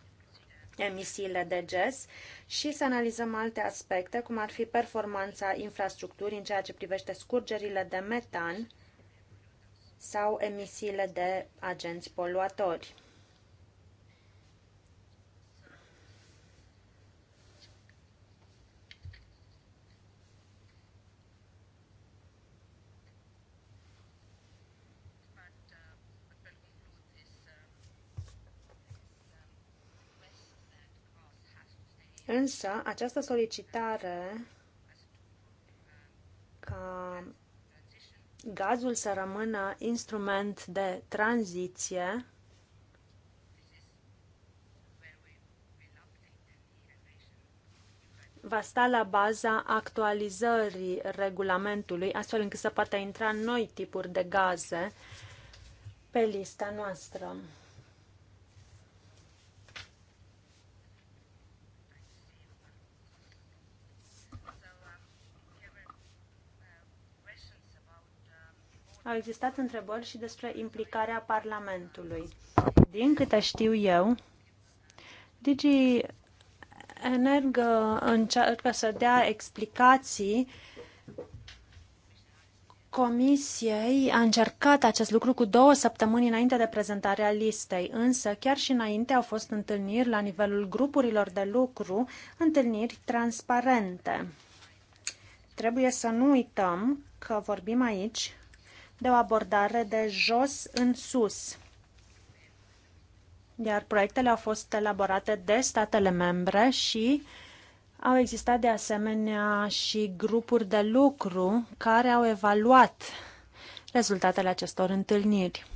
emisiile de gaz și să analizăm alte aspecte, cum ar fi performanța infrastructurii în ceea ce privește scurgerile de metan sau emisiile de agenți poluatori. Însă, această solicitare ca gazul să rămână instrument de tranziție va sta la baza actualizării regulamentului, astfel încât să poată intra noi tipuri de gaze pe lista noastră. Au existat întrebări și despre implicarea Parlamentului. Din câte știu eu, Digi Energă încearcă să dea explicații Comisiei a încercat acest lucru cu două săptămâni înainte de prezentarea listei, însă chiar și înainte au fost întâlniri la nivelul grupurilor de lucru, întâlniri transparente. Trebuie să nu uităm că vorbim aici de o abordare de jos în sus, iar proiectele au fost elaborate de statele membre și au existat de asemenea și grupuri de lucru care au evaluat rezultatele acestor întâlniri.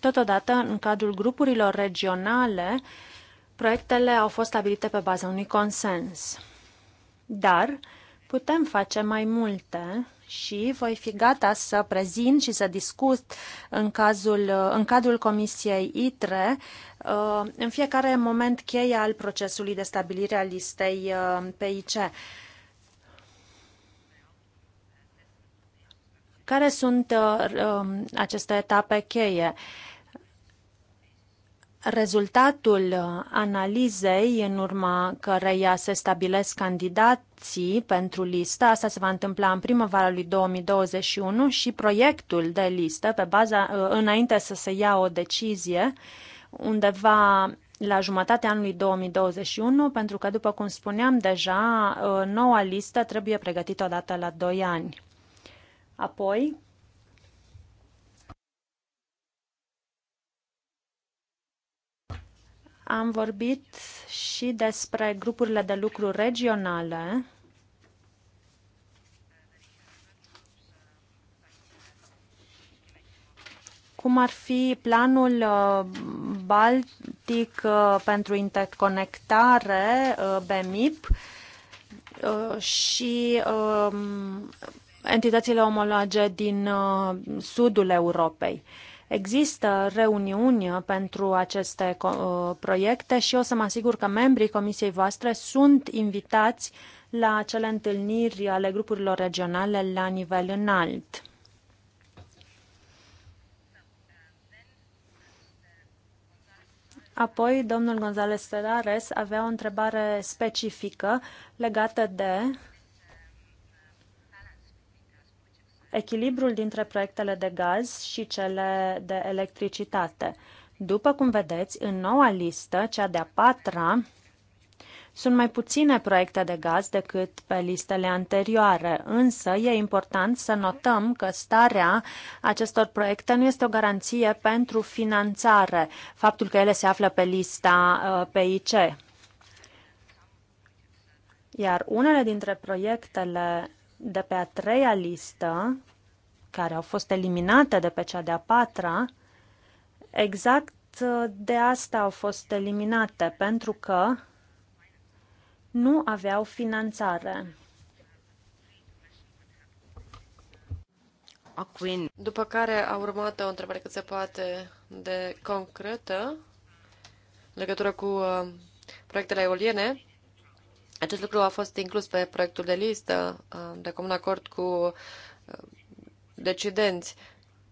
Totodată, în cadrul grupurilor regionale, proiectele au fost stabilite pe baza unui consens. Dar Putem face mai multe și voi fi gata să prezint și să discut în, cazul, în cadrul Comisiei ITRE uh, în fiecare moment cheie al procesului de stabilire a listei uh, PIC. Care sunt uh, aceste etape cheie? Rezultatul uh, analizei în urma căreia se stabilesc candidații pentru listă, asta se va întâmpla în primăvara lui 2021 și proiectul de listă, pe baza, uh, înainte să se ia o decizie, undeva la jumătatea anului 2021, pentru că, după cum spuneam deja, uh, noua listă trebuie pregătită odată la 2 ani. Apoi, Am vorbit și despre grupurile de lucru regionale. Cum ar fi planul uh, Baltic uh, pentru interconectare, uh, BEMIP, și um, entitățile omologe din sudul Europei. Există reuniuni pentru aceste uh, proiecte și o să mă asigur că membrii comisiei voastre sunt invitați la acele întâlniri ale grupurilor regionale la nivel înalt. Apoi, domnul González Serares avea o întrebare specifică legată de echilibrul dintre proiectele de gaz și cele de electricitate. După cum vedeți, în noua listă, cea de-a patra, sunt mai puține proiecte de gaz decât pe listele anterioare, însă e important să notăm că starea acestor proiecte nu este o garanție pentru finanțare, faptul că ele se află pe lista uh, PIC. Iar unele dintre proiectele de pe a treia listă, care au fost eliminate de pe cea de-a patra, exact uh, de asta au fost eliminate, pentru că nu aveau finanțare. După care a urmat o întrebare cât se poate de concretă legătură cu uh, proiectele eoliene acest lucru a fost inclus pe proiectul de listă uh, de comun acord cu uh, decidenți,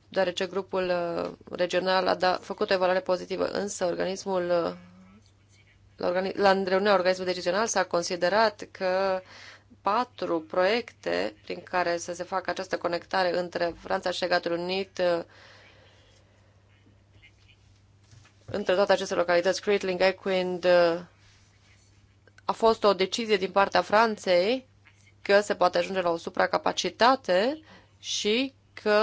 deoarece grupul uh, regional a da, făcut o evaluare pozitivă, însă organismul la, organi la reuniunea organismului decizional s-a considerat că patru proiecte prin care să se facă această conectare între Franța și Regatul Unit între toate aceste localități, Cretling, Equind, a fost o decizie din partea Franței că se poate ajunge la o supracapacitate și că,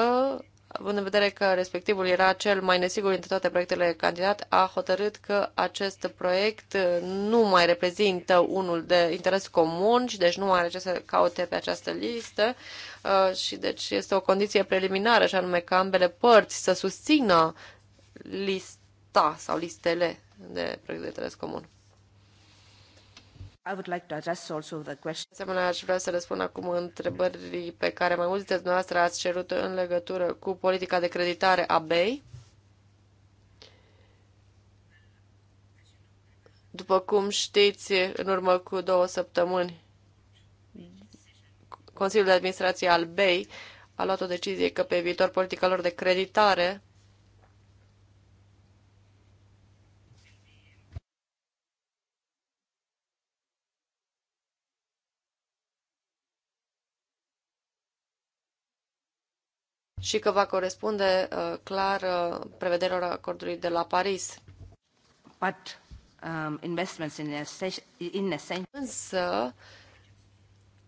având în vedere că respectivul era cel mai nesigur dintre toate proiectele candidat, a hotărât că acest proiect nu mai reprezintă unul de interes comun și deci nu mai are ce să caute pe această listă uh, și deci este o condiție preliminară și anume că ambele părți să susțină lista sau listele de proiecte de interes comun. I would like to address also the question. asemenea, aș vrea să răspund acum întrebării pe care mai mulți dintre noastre ați cerut în legătură cu politica de creditare a BEI. După cum știți, în urmă cu două săptămâni, Consiliul de Administrație al BEI a luat o decizie că pe viitor politica lor de creditare și că va corespunde uh, clar uh, prevederilor acordului de la Paris. But, um, investments in in Însă,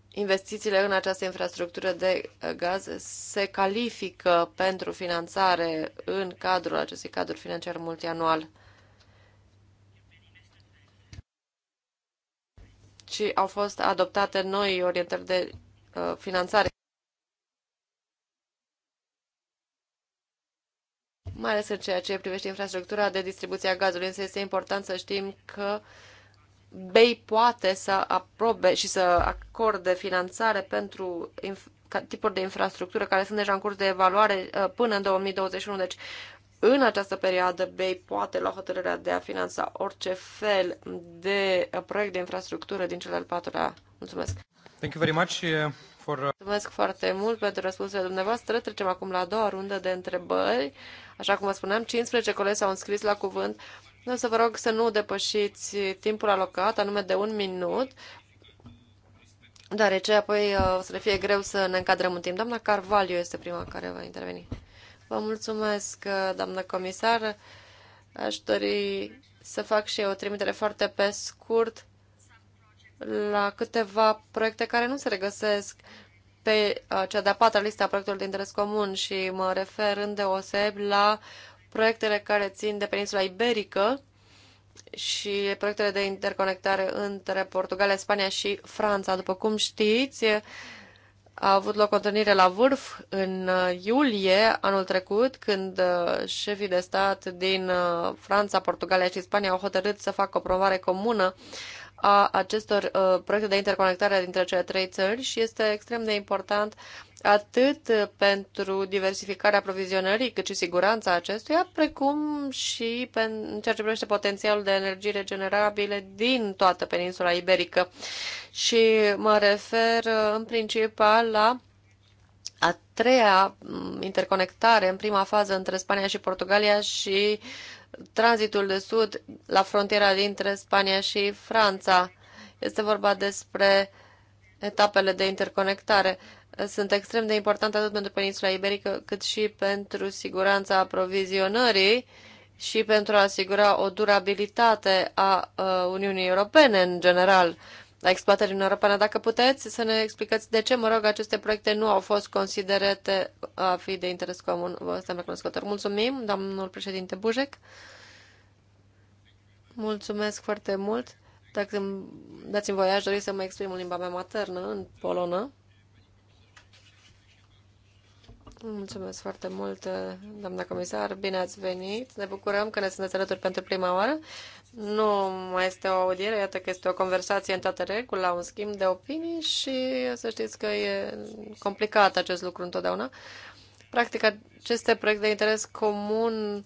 investițiile în această infrastructură de uh, gaz se califică pentru finanțare în cadrul acestui cadru financiar multianual. Și au fost adoptate noi orientări de uh, finanțare. mai ales în ceea ce privește infrastructura de distribuție a gazului, însă este important să știm că BEI poate să aprobe și să acorde finanțare pentru tipuri de infrastructură care sunt deja în curs de evaluare uh, până în 2021. Deci, în această perioadă, BEI poate lua hotărârea de a finanța orice fel de uh, proiect de infrastructură din cel al patrulea. Mulțumesc! Thank you very much uh, for... Mulțumesc foarte mult pentru răspunsurile dumneavoastră. Trecem acum la a doua rundă de întrebări. Așa cum vă spuneam, 15 colegi s-au înscris la cuvânt. O să vă rog să nu depășiți timpul alocat, anume de un minut, deoarece apoi uh, o să le fie greu să ne încadrăm în timp. Doamna Carvalho este prima care va interveni. Vă mulțumesc, uh, doamnă comisar. Aș dori să fac și eu o trimitere foarte pe scurt la câteva proiecte care nu se regăsesc pe uh, cea de-a patra listă a proiectelor de interes comun și mă refer îndeoseb la proiectele care țin de peninsula iberică și proiectele de interconectare între Portugalia, Spania și Franța. După cum știți, a avut loc o întâlnire la vârf în uh, iulie anul trecut, când uh, șefii de stat din Franța, Portugalia și Spania au hotărât să facă o promovare comună a acestor uh, proiecte de interconectare dintre cele trei țări și este extrem de important atât pentru diversificarea aprovizionării, cât și siguranța acestuia, precum și în ceea ce privește potențialul de energie regenerabile din toată peninsula iberică. Și mă refer uh, în principal la a treia mm, interconectare în prima fază între Spania și Portugalia și uh, tranzitul de sud la frontiera dintre Spania și Franța. Este vorba despre etapele de interconectare. Sunt extrem de importante atât pentru peninsula iberică cât și pentru siguranța aprovizionării și pentru a asigura o durabilitate a uh, Uniunii Europene în general la exploatării în Europa. Dacă puteți să ne explicați de ce, mă rog, aceste proiecte nu au fost considerate a fi de interes comun, vă suntem recunoscători. Mulțumim, domnul președinte Bujec. Mulțumesc foarte mult. Dacă dați-mi voie, aș dori să mă exprim în limba mea maternă, în polonă. Mulțumesc foarte mult, doamna comisar. Bine ați venit. Ne bucurăm că ne sunteți alături pentru prima oară. Nu mai este o audiere, iată că este o conversație în toată regulă, un schimb de opinii și să știți că e complicat acest lucru întotdeauna. Practic, aceste proiecte de interes comun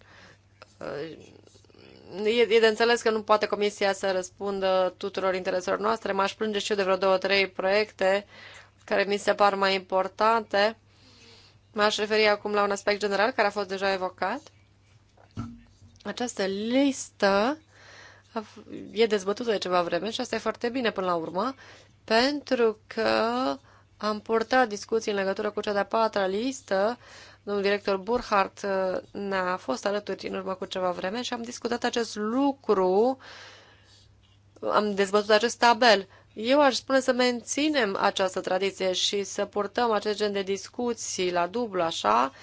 e, e de înțeles că nu poate Comisia să răspundă tuturor intereselor noastre. M-aș plânge și eu de vreo două, trei proiecte care mi se par mai importante M-aș referi acum la un aspect general care a fost deja evocat. Această listă e dezbătută de ceva vreme și asta e foarte bine până la urmă, pentru că am purtat discuții în legătură cu cea de-a patra listă. Domnul director Burhardt uh, ne-a fost alături în urmă cu ceva vreme și am discutat acest lucru, am dezbătut acest tabel. Eu aș spune să menținem această tradiție și să purtăm acest gen de discuții la dublu, așa,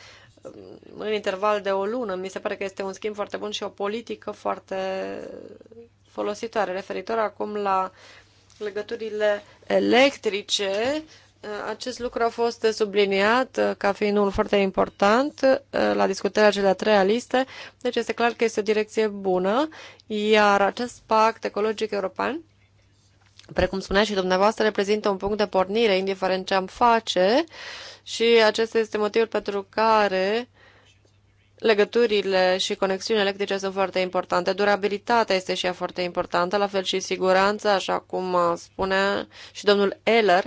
în interval de o lună. Mi se pare că este un schimb foarte bun și o politică foarte folositoare. Referitor acum la legăturile electrice, acest lucru a fost subliniat ca fiind unul foarte important eh, la discutarea celei de-a treia liste, deci este clar că este o direcție bună, iar acest pact ecologic european precum spunea și dumneavoastră, reprezintă un punct de pornire, indiferent ce am face, și acesta este motivul pentru care legăturile și conexiunile electrice sunt foarte importante. Durabilitatea este și ea foarte importantă, la fel și siguranța, așa cum spunea și domnul Eller,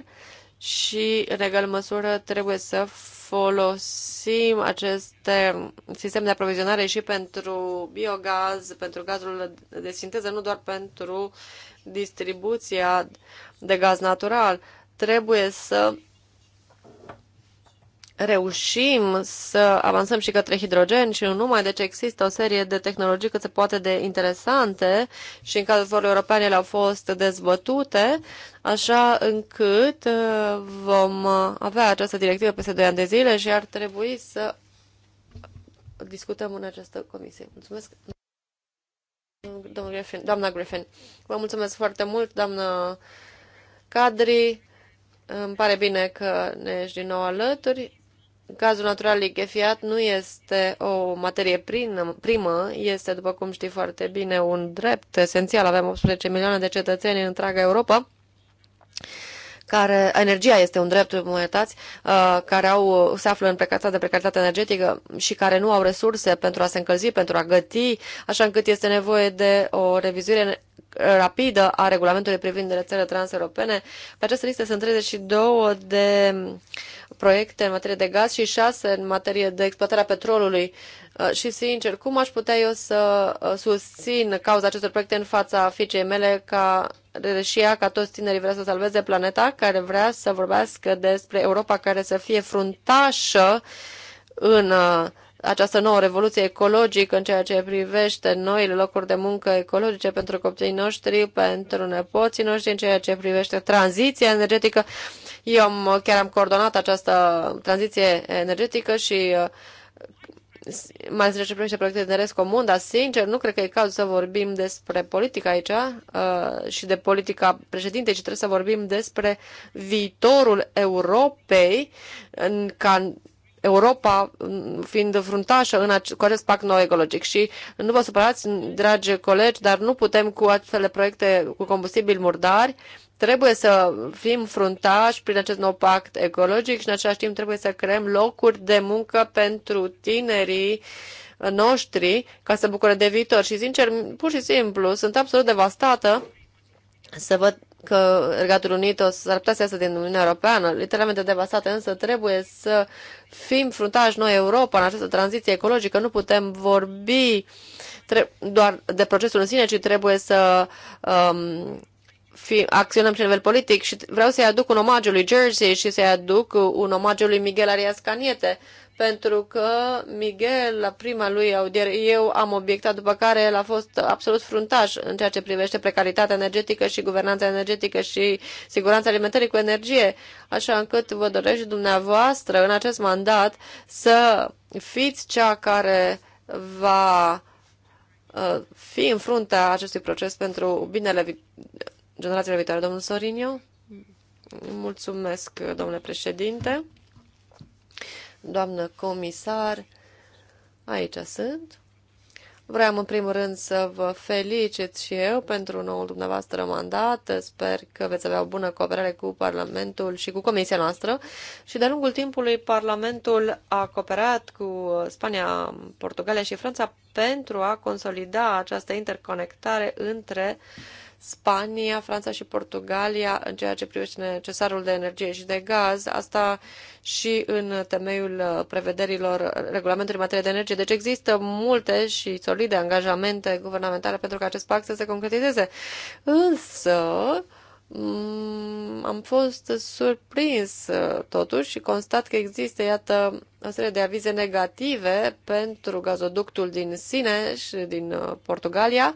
și, în egal măsură, trebuie să folosim aceste sisteme de aprovizionare și pentru biogaz, pentru gazul de sinteză, nu doar pentru distribuția de gaz natural. Trebuie să reușim să avansăm și către hidrogen și nu numai, deci există o serie de tehnologii cât se poate de interesante și în cazul forurilor european ele au fost dezbătute, așa încât uh, vom avea această directivă peste 2 ani de zile și ar trebui să discutăm în această comisie. Mulțumesc! domnul Griffin, doamna Griffin. Vă mulțumesc foarte mult, doamnă Cadri. Îmi pare bine că ne ești din nou alături. Gazul natural lichefiat nu este o materie primă, este, după cum știi foarte bine, un drept esențial. Avem 18 milioane de cetățeni în întreaga Europa care, energia este un drept, mă uh, care au, se află în precaritate de precaritate energetică și care nu au resurse pentru a se încălzi, pentru a găti, așa încât este nevoie de o revizuire rapidă a regulamentului privind rețele transeuropene. Pe această listă sunt 32 de proiecte în materie de gaz și 6 în materie de exploatarea petrolului. Uh, Uh, și sincer, cum aș putea eu să uh, susțin cauza acestor proiecte în fața fiicei mele ca și ea, ca toți tinerii vrea să salveze planeta, care vrea să vorbească despre Europa care să fie fruntașă în uh, această nouă revoluție ecologică în ceea ce privește noile locuri de muncă ecologice pentru copiii noștri, pentru nepoții noștri, în ceea ce privește tranziția energetică. Eu am, chiar am coordonat această tranziție energetică și uh, mai ales ce privește proiecte de interes comun, dar sincer nu cred că e cazul să vorbim despre politică aici uh, și de politica președintei, ci trebuie să vorbim despre viitorul Europei în, ca Europa fiind fruntașă în ac- cu acest pact nou ecologic. Și nu vă supărați, dragi colegi, dar nu putem cu astfel de proiecte cu combustibili murdari uh, Trebuie să fim fruntași prin acest nou pact ecologic și în același timp trebuie să creăm locuri de muncă pentru tinerii noștri ca să bucure de viitor. Și sincer, pur și simplu, sunt absolut devastată să văd că Regatul Unit o s-ar putea să iasă din Uniunea Europeană, literalmente devastată, însă trebuie să fim fruntași noi Europa în această tranziție ecologică. Nu putem vorbi doar de procesul în sine, ci trebuie să um, fi, acționăm și la nivel politic și vreau să-i aduc un omagiu lui Jersey și să-i aduc un omagiu lui Miguel Arias Caniete, pentru că Miguel, la prima lui audiere, eu am obiectat, după care el a fost absolut fruntaș în ceea ce privește precaritatea energetică și guvernanța energetică și siguranța alimentării cu energie, așa încât vă doresc dumneavoastră în acest mandat să fiți cea care va uh, fi în fruntea acestui proces pentru binele generațiile viitoare. Domnul Sorinio, mulțumesc, domnule președinte, doamnă comisar, aici sunt. Vreau în primul rând să vă felicit și eu pentru noul dumneavoastră mandat. Sper că veți avea o bună cooperare cu Parlamentul și cu Comisia noastră. Și de-a lungul timpului Parlamentul a cooperat cu Spania, Portugalia și Franța pentru a consolida această interconectare între uh, Spania, Franța și Portugalia în ceea ce privește necesarul de energie și de gaz, asta și în temeiul uh, prevederilor uh, regulamentului în materie de energie. Deci există multe și solide angajamente guvernamentale pentru ca acest pact să se concretizeze. Însă, mm, am fost surprins uh, totuși și constat că există, iată, o serie de avize negative pentru gazoductul din sine și din Portugalia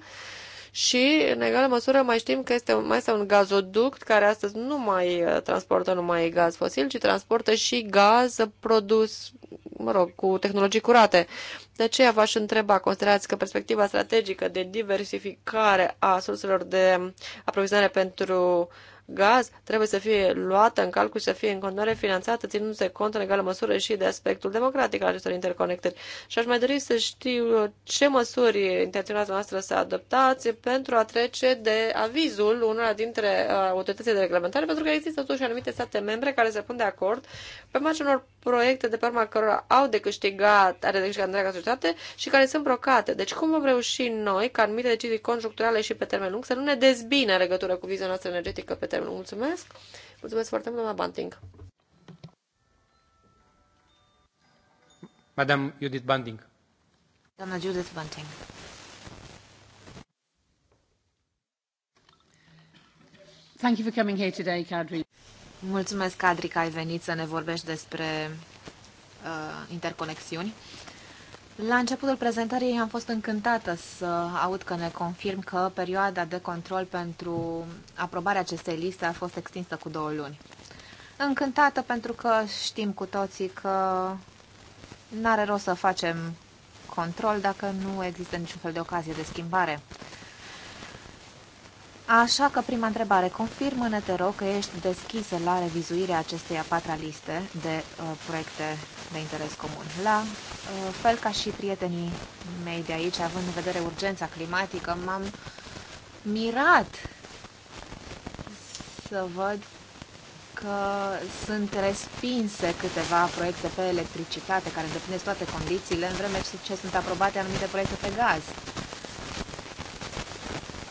și, în egală măsură, mai știm că este, mai este un gazoduct care astăzi nu mai uh, transportă numai gaz fosil, ci transportă și gaz produs, mă rog, cu tehnologii curate. De aceea v-aș întreba, considerați că perspectiva strategică de diversificare a surselor de aprovizionare pentru uh, gaz trebuie să fie luată în calcul și să fie în continuare finanțată, ținându-se cont în egală măsură și de aspectul democratic al acestor interconectări. Și aș mai dori să știu ce măsuri intenționați noastră să adoptați pentru a trece de avizul unora dintre uh, autoritățile de reglementare, pentru că există totuși anumite state membre care se pun de acord pe marginea unor proiecte de pe urma cărora au de câștigat, are de câștigat întreaga societate și care sunt blocate. Deci cum vom reuși noi, ca anumite decizii conjuncturale și pe termen lung, să nu ne dezbine legătură cu viza noastră energetică pe termen nu Mulțumesc! Mulțumesc foarte mult, doamna Banting! Madame Judith Banting. Doamna Judith Banting. Thank you for coming here today, Kadri. Mulțumesc, Kadri, că ai venit să ne vorbești despre uh, interconexiuni. La începutul prezentării am fost încântată să aud că ne confirm că perioada de control pentru aprobarea acestei liste a fost extinsă cu două luni. Încântată pentru că știm cu toții că n-are rost să facem control dacă nu există niciun fel de ocazie de schimbare. Așa că prima întrebare. Confirmă-ne, te rog, că ești deschisă la revizuirea acestei a patra liste de uh, proiecte de interes comun. La uh, fel ca și prietenii mei de aici, având în vedere urgența climatică, m-am mirat să văd că sunt respinse câteva proiecte pe electricitate care îndeplinesc toate condițiile, în vreme ce sunt aprobate anumite proiecte pe gaz.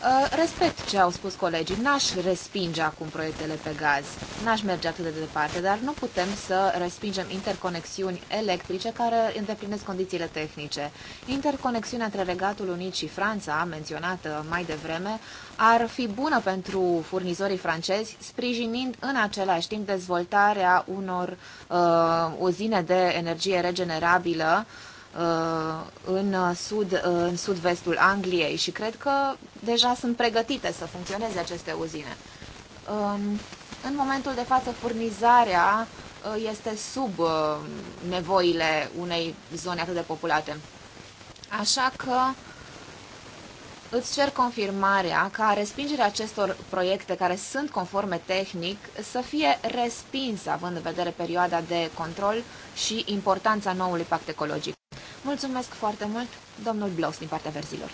Uh, respect ce au spus colegii, n-aș respinge acum proiectele pe gaz, n-aș merge atât de departe, dar nu putem să respingem interconexiuni electrice care îndeplinesc condițiile tehnice. Interconexiunea între Regatul Unit și Franța, menționată mai devreme, ar fi bună pentru furnizorii francezi, sprijinind în același timp dezvoltarea unor uh, uzine de energie regenerabilă, uh, Uh, în, uh, sud, uh, în sud-vestul Angliei și cred că deja sunt pregătite să funcționeze aceste uzine. Um, în momentul de față, furnizarea este sub nevoile unei zone atât de populate. Așa că îți cer confirmarea ca respingerea acestor proiecte care sunt conforme tehnic să fie respinsă având în vedere perioada de control și importanța noului pact ecologic. Mulțumesc foarte mult, domnul Bloss, din partea verzilor.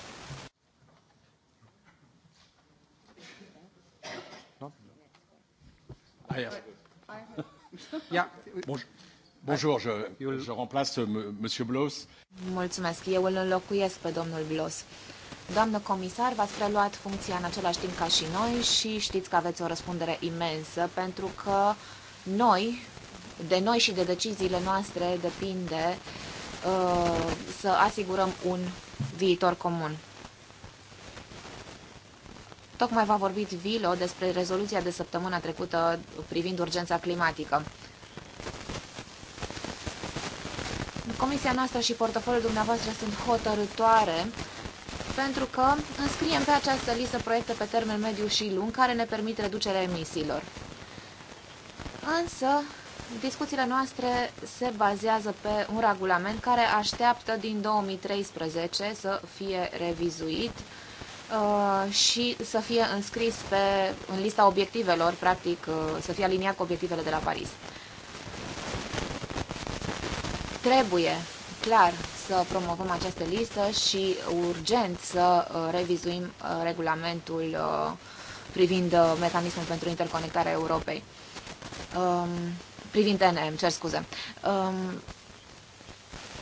Yeah. Bonjour, je, je remplace Monsieur Bloss. Mulțumesc, eu îl înlocuiesc pe domnul Blos. Doamnă comisar, v-ați preluat funcția în același timp ca și noi și știți că aveți o răspundere imensă pentru că noi, de noi și de deciziile noastre depinde uh, Uh, să asigurăm un viitor comun. Tocmai v-a vorbit Vilo despre rezoluția de săptămâna trecută privind urgența climatică. Comisia noastră și portofoliul dumneavoastră sunt hotărătoare pentru că înscriem pe această listă proiecte pe termen mediu și lung care ne permit reducerea emisiilor. Însă, discuțiile noastre se bazează pe un regulament care așteaptă din 2013 să fie revizuit uh, și să fie înscris pe, în lista obiectivelor, practic uh, să fie aliniat cu obiectivele de la Paris. Trebuie, clar, să promovăm această listă și urgent să uh, revizuim regulamentul privind mecanismul pentru interconectarea Europei. Um, privind NM, cer scuze. Um,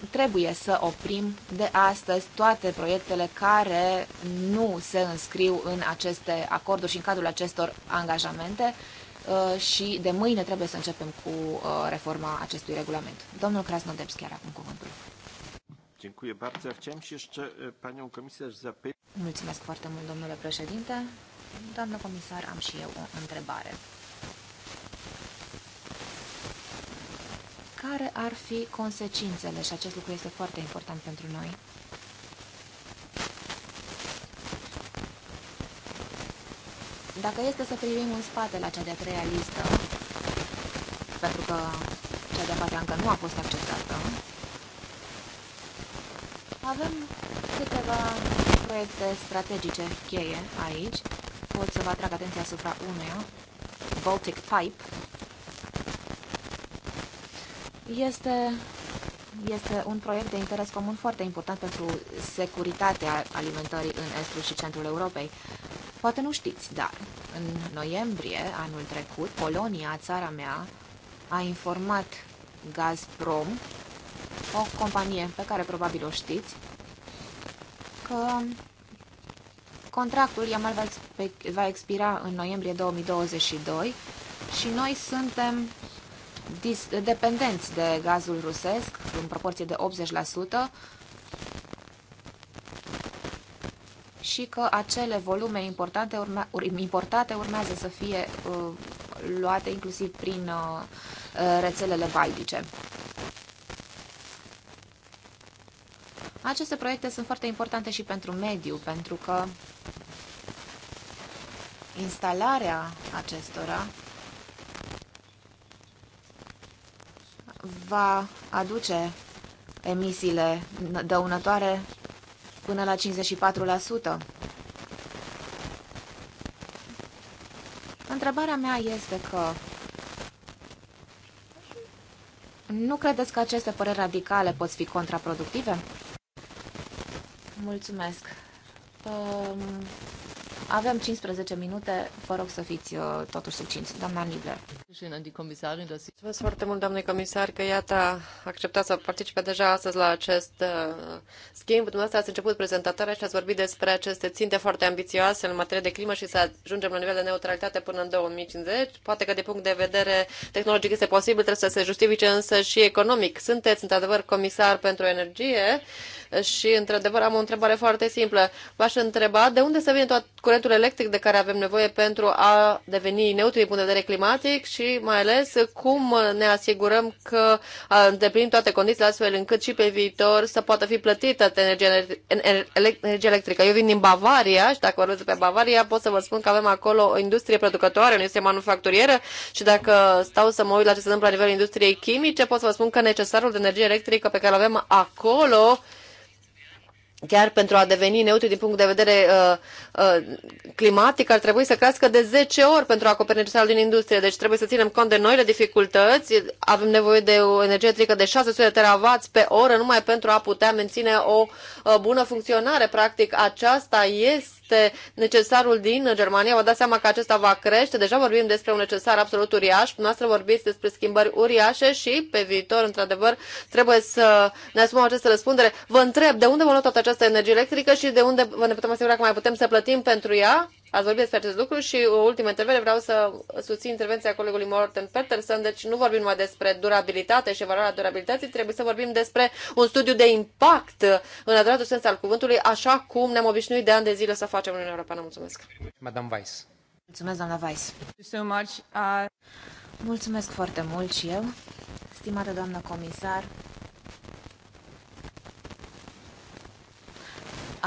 trebuie să oprim de astăzi toate proiectele care nu se înscriu în aceste acorduri și în cadrul acestor angajamente uh, și de mâine trebuie să începem cu uh, reforma acestui regulament. Domnul Krasnodebski are acum cuvântul. Mulțumesc foarte mult, domnule președinte. Doamnă comisar, am și eu o întrebare. care ar fi consecințele și acest lucru este foarte important pentru noi. Dacă este să privim în spate la cea de-a treia listă, pentru că cea de-a patra încă nu a fost acceptată, avem câteva proiecte strategice cheie aici. Pot să vă atrag atenția asupra uneia, Baltic Pipe, este, este un proiect de interes comun foarte important pentru securitatea alimentării în estul și centrul Europei. Poate nu știți, dar în noiembrie anul trecut, Polonia, țara mea, a informat Gazprom, o companie pe care probabil o știți, că contractul Iamal va, expira în noiembrie 2022 și noi suntem dependenți de gazul rusesc în proporție de 80% și că acele volume importante ur, importate urmează să fie uh, luate inclusiv prin uh, uh, rețelele baltice. Aceste proiecte sunt foarte importante și pentru mediu, pentru că instalarea acestora va aduce emisiile dăunătoare până la 54%. Întrebarea mea este că nu credeți că aceste păreri radicale pot fi contraproductive? Mulțumesc. Ehm, avem 15 minute, vă rog să fiți uh, totuși succinți. Doamna Nibler. Mulțumesc foarte mult, doamnă comisar, că iată a acceptat să participe deja astăzi la acest uh, schimb. Dumneavoastră ați început prezentarea și ați vorbit despre aceste ținte foarte ambițioase în materie de climă și să ajungem la nivel de neutralitate până în 2050. Poate că de punct de vedere tehnologic este posibil, trebuie să se justifice însă și economic. Sunteți într-adevăr comisar pentru energie și într-adevăr am o întrebare foarte simplă. V-aș întreba de unde să vine tot curentul electric de care avem nevoie pentru a deveni neutri din punct de vedere climatic și și mai ales cum ne asigurăm că îndeplinim toate condițiile astfel încât și pe viitor să poată fi plătită energia electrică. Eu vin din Bavaria și dacă vorbesc pe Bavaria pot să vă spun că avem acolo o industrie producătoare, o industrie manufacturieră și dacă stau să mă uit la ce se întâmplă la nivelul industriei chimice, pot să vă spun că necesarul de energie electrică pe care îl avem acolo chiar pentru a deveni neutri din punct de vedere uh, uh, climatic, ar trebui să crească de 10 ori pentru a acoperi necesarul din industrie. Deci trebuie să ținem cont de noile dificultăți. Avem nevoie de o energie electrică de 600 teravați pe oră numai pentru a putea menține o uh, bună funcționare. Practic, aceasta este este necesarul din Germania. Vă dați seama că acesta va crește. Deja vorbim despre un necesar absolut uriaș. Noastră vorbiți despre schimbări uriașe și pe viitor, într-adevăr, trebuie să ne asumăm această răspundere. Vă întreb de unde vă lua toată această energie electrică și de unde ne putem asigura că mai putem să plătim pentru ea? ați vorbit despre acest lucru și o ultimă intervenție vreau să susțin intervenția colegului Morten Peterson, deci nu vorbim numai despre durabilitate și valoarea durabilității, trebuie să vorbim despre un studiu de impact în adevăratul sens al cuvântului, așa cum ne-am obișnuit de ani de zile să facem în Uniunea Europeană. Mulțumesc! Madame Weiss. Mulțumesc, doamna Weiss. So much. Uh, Mulțumesc foarte mult și eu. Stimată doamnă comisar,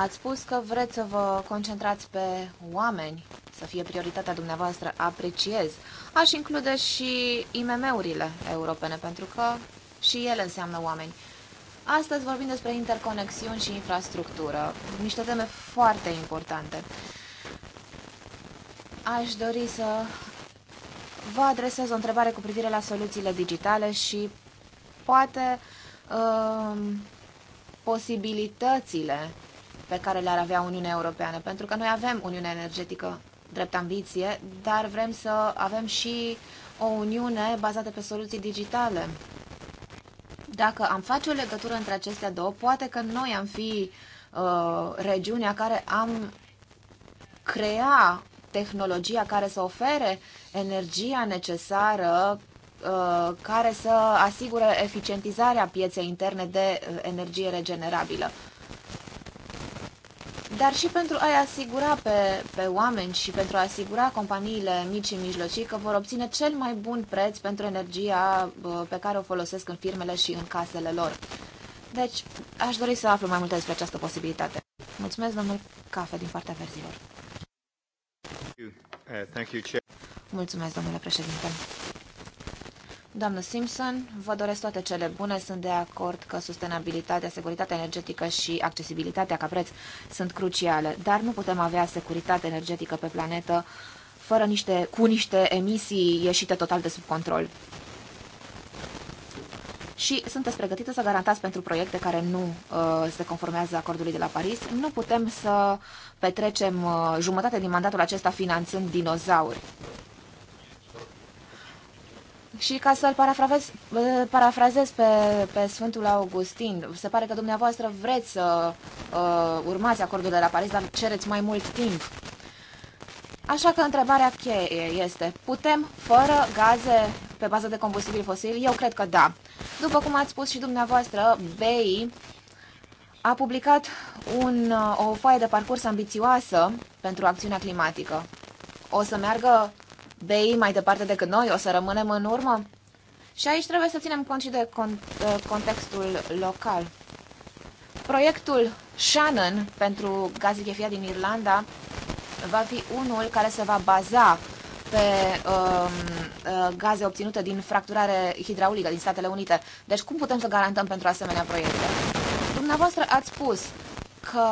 Ați spus că vreți să vă concentrați pe oameni, să fie prioritatea dumneavoastră, apreciez. Aș include și IMM-urile europene, pentru că și ele înseamnă oameni. Astăzi vorbim despre interconexiuni și infrastructură, niște teme foarte importante. Aș dori să vă adresez o întrebare cu privire la soluțiile digitale și poate uh, posibilitățile pe care le-ar avea Uniunea Europeană, pentru că noi avem Uniunea Energetică drept ambiție, dar vrem să avem și o Uniune bazată pe soluții digitale. Dacă am face o legătură între acestea două, poate că noi am fi uh, regiunea care am crea tehnologia care să ofere energia necesară uh, care să asigure eficientizarea pieței interne de uh, energie regenerabilă dar și pentru a-i asigura pe, pe oameni și pentru a asigura companiile mici și mijlocii că vor obține cel mai bun preț pentru energia pe care o folosesc în firmele și în casele lor. Deci, aș dori să aflu mai multe despre această posibilitate. Mulțumesc, domnul Cafe, din partea verzilor. Uh, Mulțumesc, domnule președinte. Doamnă Simpson, vă doresc toate cele bune. Sunt de acord că sustenabilitatea, securitatea energetică și accesibilitatea ca preț sunt cruciale, dar nu putem avea securitate energetică pe planetă fără niște, cu niște emisii ieșite total de sub control. Și sunteți pregătită să garantați pentru proiecte care nu uh, se conformează acordului de la Paris. Nu putem să petrecem uh, jumătate din mandatul acesta finanțând dinozauri. Și ca să-l parafrazez, parafrazez pe, pe Sfântul Augustin, se pare că dumneavoastră vreți să uh, urmați acordul de la Paris, dar cereți mai mult timp. Așa că întrebarea cheie este, putem fără gaze pe bază de combustibili fosili? Eu cred că da. După cum ați spus și dumneavoastră, BEI a publicat un, o foaie de parcurs ambițioasă pentru acțiunea climatică. O să meargă Bei mai departe decât noi? O să rămânem în urmă? Și aici trebuie să ținem cont și de contextul local. Proiectul Shannon pentru gazichefia din Irlanda va fi unul care se va baza pe um, uh, gaze obținute din fracturare hidraulică din Statele Unite. Deci cum putem să garantăm pentru asemenea proiecte? Dumneavoastră ați spus că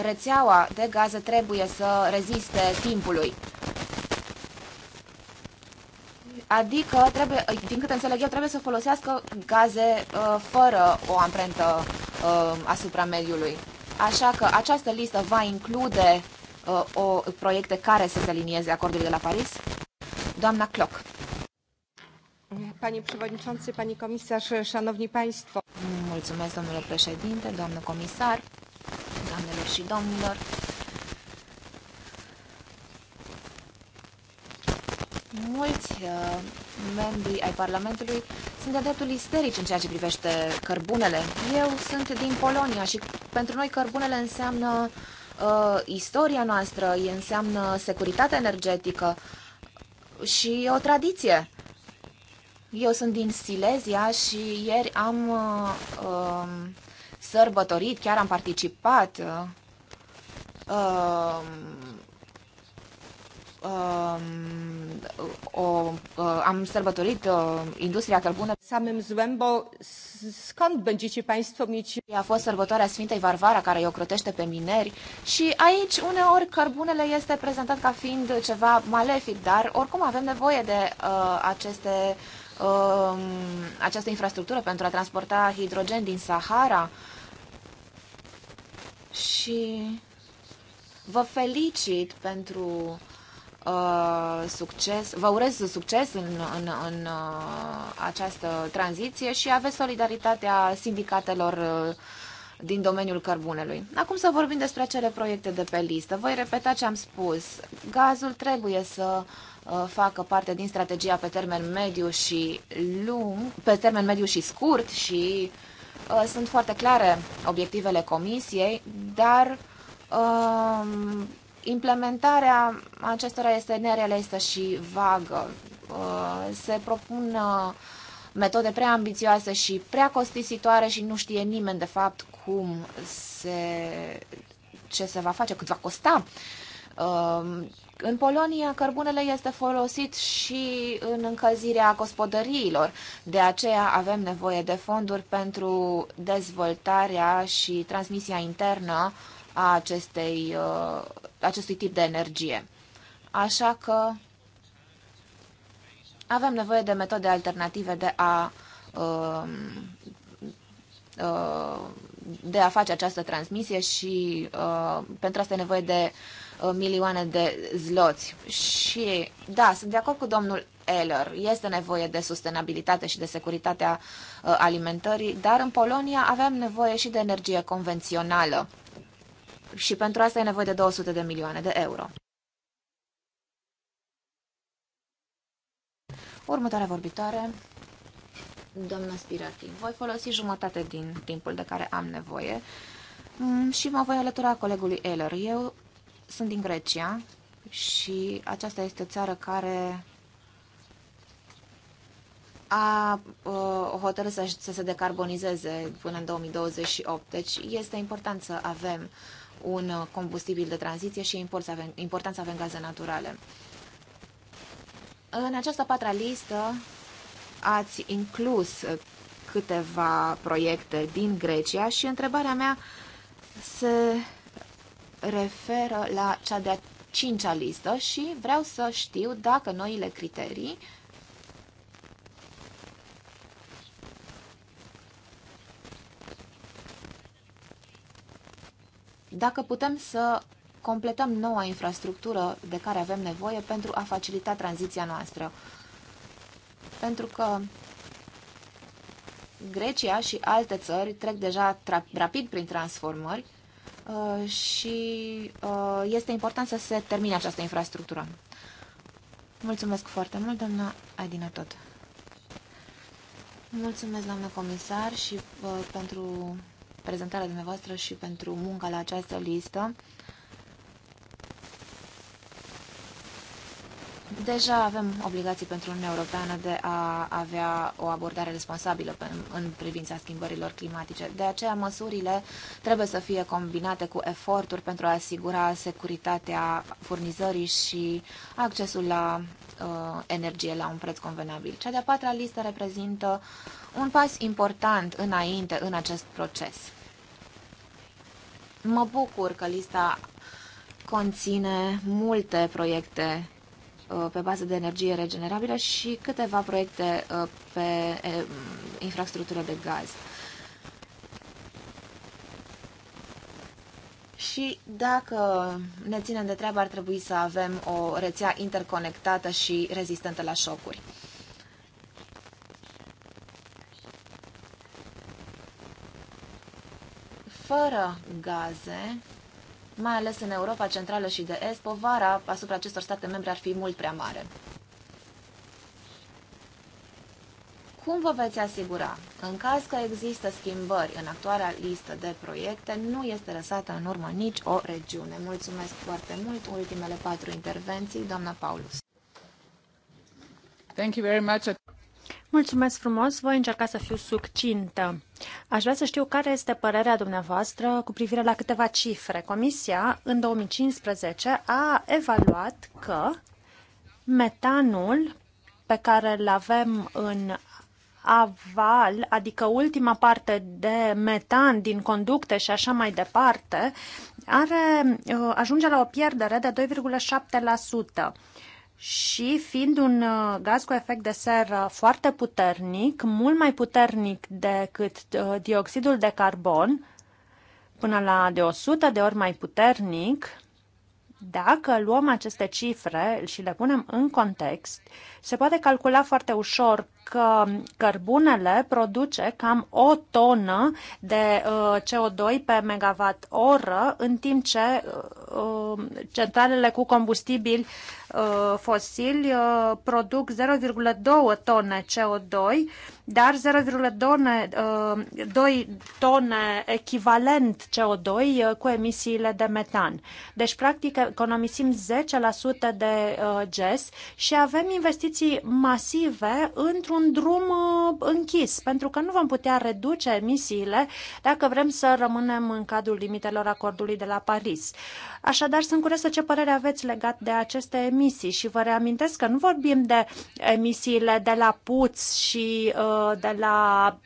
rețeaua de gaze trebuie să reziste timpului. Adică, trebuie, din câte înțeleg eu, trebuie să folosească gaze uh, fără o amprentă uh, asupra mediului. Așa că această listă va include uh, o, proiecte care să se alinieze acordului de la Paris. Doamna Cloc. Panie Przewodniczący, Pani comisar, Szanowni Państwo. Mulțumesc, domnule președinte, doamnă comisar, doamnelor și domnilor. mulți uh, membri ai Parlamentului sunt de dreptul isterici în ceea ce privește cărbunele. Eu sunt din Polonia și pentru noi cărbunele înseamnă uh, istoria noastră, înseamnă securitate energetică și o tradiție. Eu sunt din Silesia și ieri am uh, um, sărbătorit, chiar am participat uh, um, Um, o, uh, am sărbătorit uh, industria cărbună. Samym złem, bo skąd będziecie państwo mieć... A fost sărbătoarea Sfintei Varvara, care o crotește pe mineri și aici uneori cărbunele este prezentat ca fiind ceva malefic, dar oricum avem nevoie de uh, aceste, uh, această infrastructură pentru a transporta hidrogen din Sahara și vă felicit pentru Uh, succes, vă urez succes în, în, în uh, această tranziție și aveți solidaritatea sindicatelor uh, din domeniul cărbunelui. Acum să vorbim despre cele proiecte de pe listă. Voi repeta ce am spus. Gazul trebuie să facă parte din strategia pe termen mediu și lung, pe termen mediu și scurt și uh, sunt foarte clare obiectivele comisiei, dar uh, Implementarea acestora este nerealistă și vagă. Uh, se propun uh, metode prea ambițioase și prea costisitoare și nu știe nimeni de fapt cum se, ce se va face, cât va costa. Uh, în Polonia, cărbunele este folosit și în încălzirea gospodăriilor. De aceea avem nevoie de fonduri pentru dezvoltarea și transmisia internă a acestei acestui tip de energie. Așa că avem nevoie de metode alternative de a, um, uh, de a face această transmisie și uh, pentru asta e nevoie de uh, milioane de zloți. Și da, sunt de acord cu domnul Eller. Este nevoie de sustenabilitate și de securitatea alimentării, dar în Polonia avem nevoie și de energie convențională și pentru asta e nevoie de 200 de milioane de euro. Următoarea vorbitoare, doamna Spirati. Voi folosi jumătate din timpul de care am nevoie mm, și mă voi alătura colegului Eller. Eu sunt din Grecia și aceasta este o țară care a uh, hotărât să, să se decarbonizeze până în 2028. Deci este important să avem uh, un uh, combustibil de tranziție și importanța avem, important să avem gaze naturale. În această patra listă ați inclus uh, câteva proiecte din Grecia și întrebarea mea se referă la cea de-a cincea listă și vreau să știu dacă noile criterii dacă putem să completăm noua infrastructură de care avem nevoie pentru a facilita tranziția noastră. Pentru că Grecia și alte țări trec deja rapid prin transformări uh, și uh, este important să se termine această infrastructură. Mulțumesc foarte mult, doamna Adina Tot. Mulțumesc, doamnă comisar, și uh, pentru prezentarea dumneavoastră și pentru munca la această listă. Deja avem obligații pentru Uniunea Europeană de a avea o abordare responsabilă în privința schimbărilor climatice. De aceea, măsurile trebuie să fie combinate cu eforturi pentru a asigura securitatea furnizării și accesul la uh, energie la un preț convenabil. Cea de-a patra listă reprezintă un pas important înainte în acest proces. Mă bucur că lista conține multe proiecte Uh, pe bază de energie regenerabilă și câteva proiecte uh, pe uh, infrastructură de gaz. Și dacă ne ținem de treabă, ar trebui să avem o rețea interconectată și rezistentă la șocuri. Fără gaze, mai ales în Europa Centrală și de Est, povara asupra acestor state membre ar fi mult prea mare. Cum vă veți asigura? În caz că există schimbări în actuala listă de proiecte, nu este lăsată în urmă nici o regiune. Mulțumesc foarte mult. Ultimele patru intervenții, doamna Paulus. Thank you very much. Mulțumesc frumos, voi încerca să fiu succintă. Aș vrea să știu care este părerea dumneavoastră cu privire la câteva cifre. Comisia, în 2015, a evaluat că metanul pe care îl avem în aval, adică ultima parte de metan din conducte și așa mai departe, are, uh, ajunge la o pierdere de 2,7% și fiind un uh, gaz cu efect de seră uh, foarte puternic, mult mai puternic decât uh, dioxidul de carbon, până la de 100 de ori mai puternic, dacă luăm aceste cifre și le punem în context, se poate calcula foarte ușor că cărbunele produce cam o tonă de uh, CO2 pe megawatt oră, în timp ce uh, centralele cu combustibili uh, fosili produc 0,2 tone CO2, dar 0,2 tone echivalent CO2 cu emisiile de metan. Deci, practic, economisim 10% de GES și avem investiții masive într-un într-un drum uh, închis, pentru că nu vom putea reduce emisiile dacă vrem să rămânem în cadrul limitelor acordului de la Paris. Așadar, sunt curioasă ce părere aveți legat de aceste emisii și vă reamintesc că nu vorbim de emisiile de la puț și uh, de, la,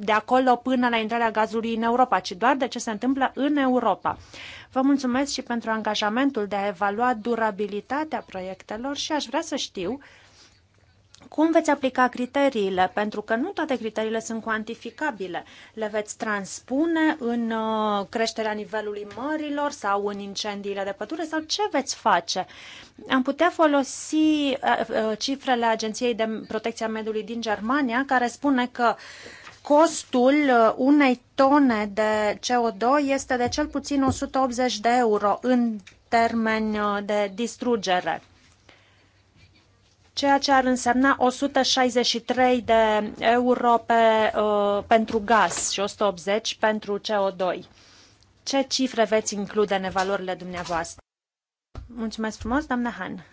de acolo până la intrarea gazului în Europa, ci doar de ce se întâmplă în Europa. Vă mulțumesc și pentru angajamentul de a evalua durabilitatea proiectelor și aș vrea să știu cum veți aplica criteriile? Pentru că nu toate criteriile sunt cuantificabile. Le veți transpune în uh, creșterea nivelului mărilor sau în incendiile de pădure sau ce veți face? Am putea folosi uh, uh, cifrele Agenției de Protecție a Mediului din Germania care spune că costul unei tone de CO2 este de cel puțin 180 de euro în termeni de distrugere ceea ce ar însemna 163 de euro pe, uh, pentru gaz și 180 pentru CO2. Ce cifre veți include în evaluările dumneavoastră? Mulțumesc frumos, doamna Han.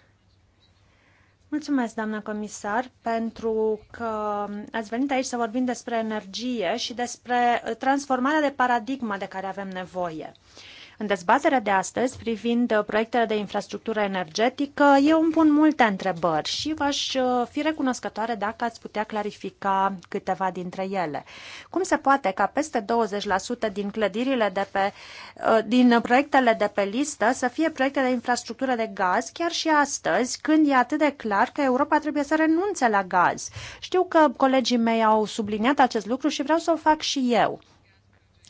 Mulțumesc, doamna comisar, pentru că ați venit aici să vorbim despre energie și despre transformarea de paradigma de care avem nevoie. Uh, în dezbaterea de astăzi, privind uh, proiectele de infrastructură energetică, eu îmi pun multe întrebări și v-aș uh, fi recunoscătoare dacă ați putea clarifica câteva dintre ele. Cum se poate ca peste 20% din clădirile de pe, uh, din proiectele de pe listă să fie proiecte de infrastructură de gaz chiar și astăzi, când e atât de clar că Europa trebuie să renunțe la gaz? Știu că colegii mei au subliniat acest lucru și vreau să o fac și eu.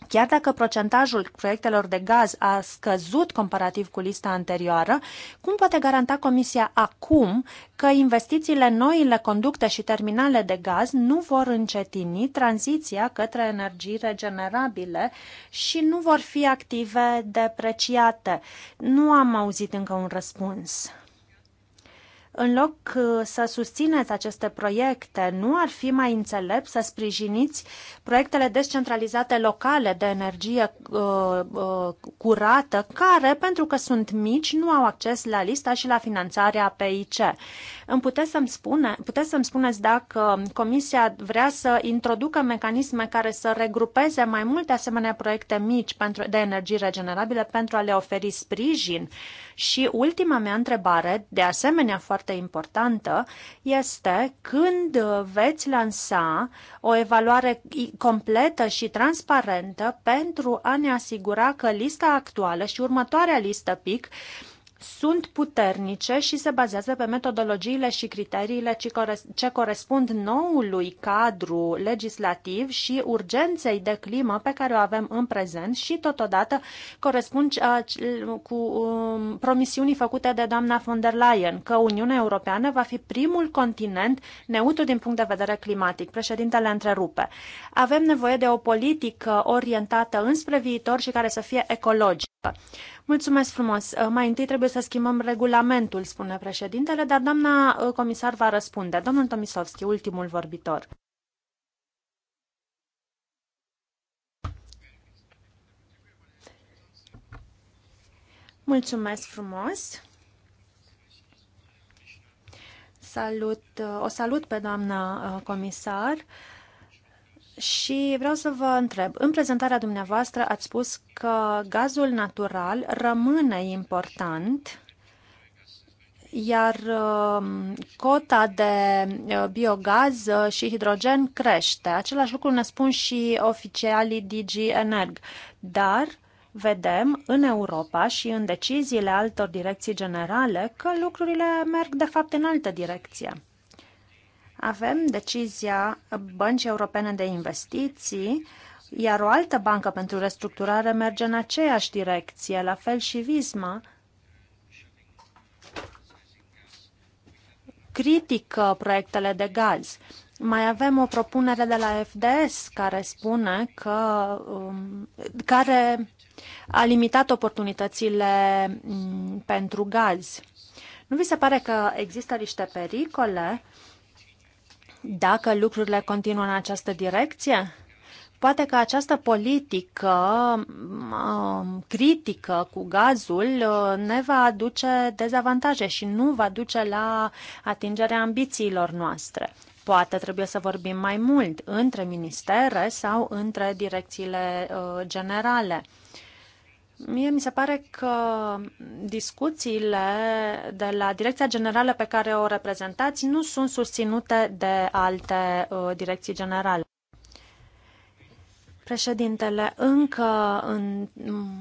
Chiar dacă procentajul proiectelor de gaz a scăzut comparativ cu lista anterioară, cum poate garanta Comisia acum că investițiile noile conducte și terminale de gaz nu vor încetini tranziția către energii regenerabile și nu vor fi active depreciate? Nu am auzit încă un răspuns în loc uh, să susțineți aceste proiecte, nu ar fi mai înțelept să sprijiniți proiectele descentralizate locale de energie uh, uh, curată, care, pentru că sunt mici, nu au acces la lista și la finanțarea PIC. Îmi puteți să-mi, spune, puteți să-mi spuneți dacă Comisia vrea să introducă mecanisme care să regrupeze mai multe asemenea proiecte mici pentru, de energie regenerabilă pentru a le oferi sprijin? Și ultima mea întrebare, de asemenea foarte importantă, este când veți lansa o evaluare completă și transparentă pentru a ne asigura că lista actuală și următoarea listă PIC uh, sunt puternice și se bazează pe metodologiile și criteriile ce corespund noului cadru legislativ și urgenței de climă pe care o avem în prezent și totodată corespund uh, cu um, promisiunii făcute de doamna von der Leyen că Uniunea Europeană va fi primul continent neutru din punct de vedere climatic. Președintele întrerupe. Avem nevoie de o politică orientată înspre viitor și care să fie ecologică. Mulțumesc frumos. Uh, mai întâi trebuie să schimbăm regulamentul, spune președintele, dar doamna uh, comisar va răspunde. Domnul Tomisovski, ultimul vorbitor. Mulțumesc frumos. Salut, uh, o salut pe doamna comisar. Și vreau să vă întreb, în prezentarea dumneavoastră ați spus că gazul natural rămâne important, iar um, cota de uh, biogaz uh, și hidrogen crește. Același lucru ne spun și oficialii DG Energ. Dar vedem în Europa și în deciziile altor direcții generale că lucrurile merg de fapt în altă direcție. Avem decizia Băncii Europene de Investiții, iar o altă bancă pentru restructurare merge în aceeași direcție, la fel și Visma, critică proiectele de gaz. Mai avem o propunere de la FDS care spune că um, care a limitat oportunitățile mm, pentru gaz. Nu vi se pare că există niște pericole dacă lucrurile continuă în această direcție? Poate că această politică um, critică cu gazul uh, ne va aduce dezavantaje și nu va duce la atingerea ambițiilor noastre. Poate trebuie să vorbim mai mult între ministere sau între direcțiile uh, generale. Mie mi se pare că discuțiile de la direcția generală pe care o reprezentați nu sunt susținute de alte uh, direcții generale. Președintele, încă în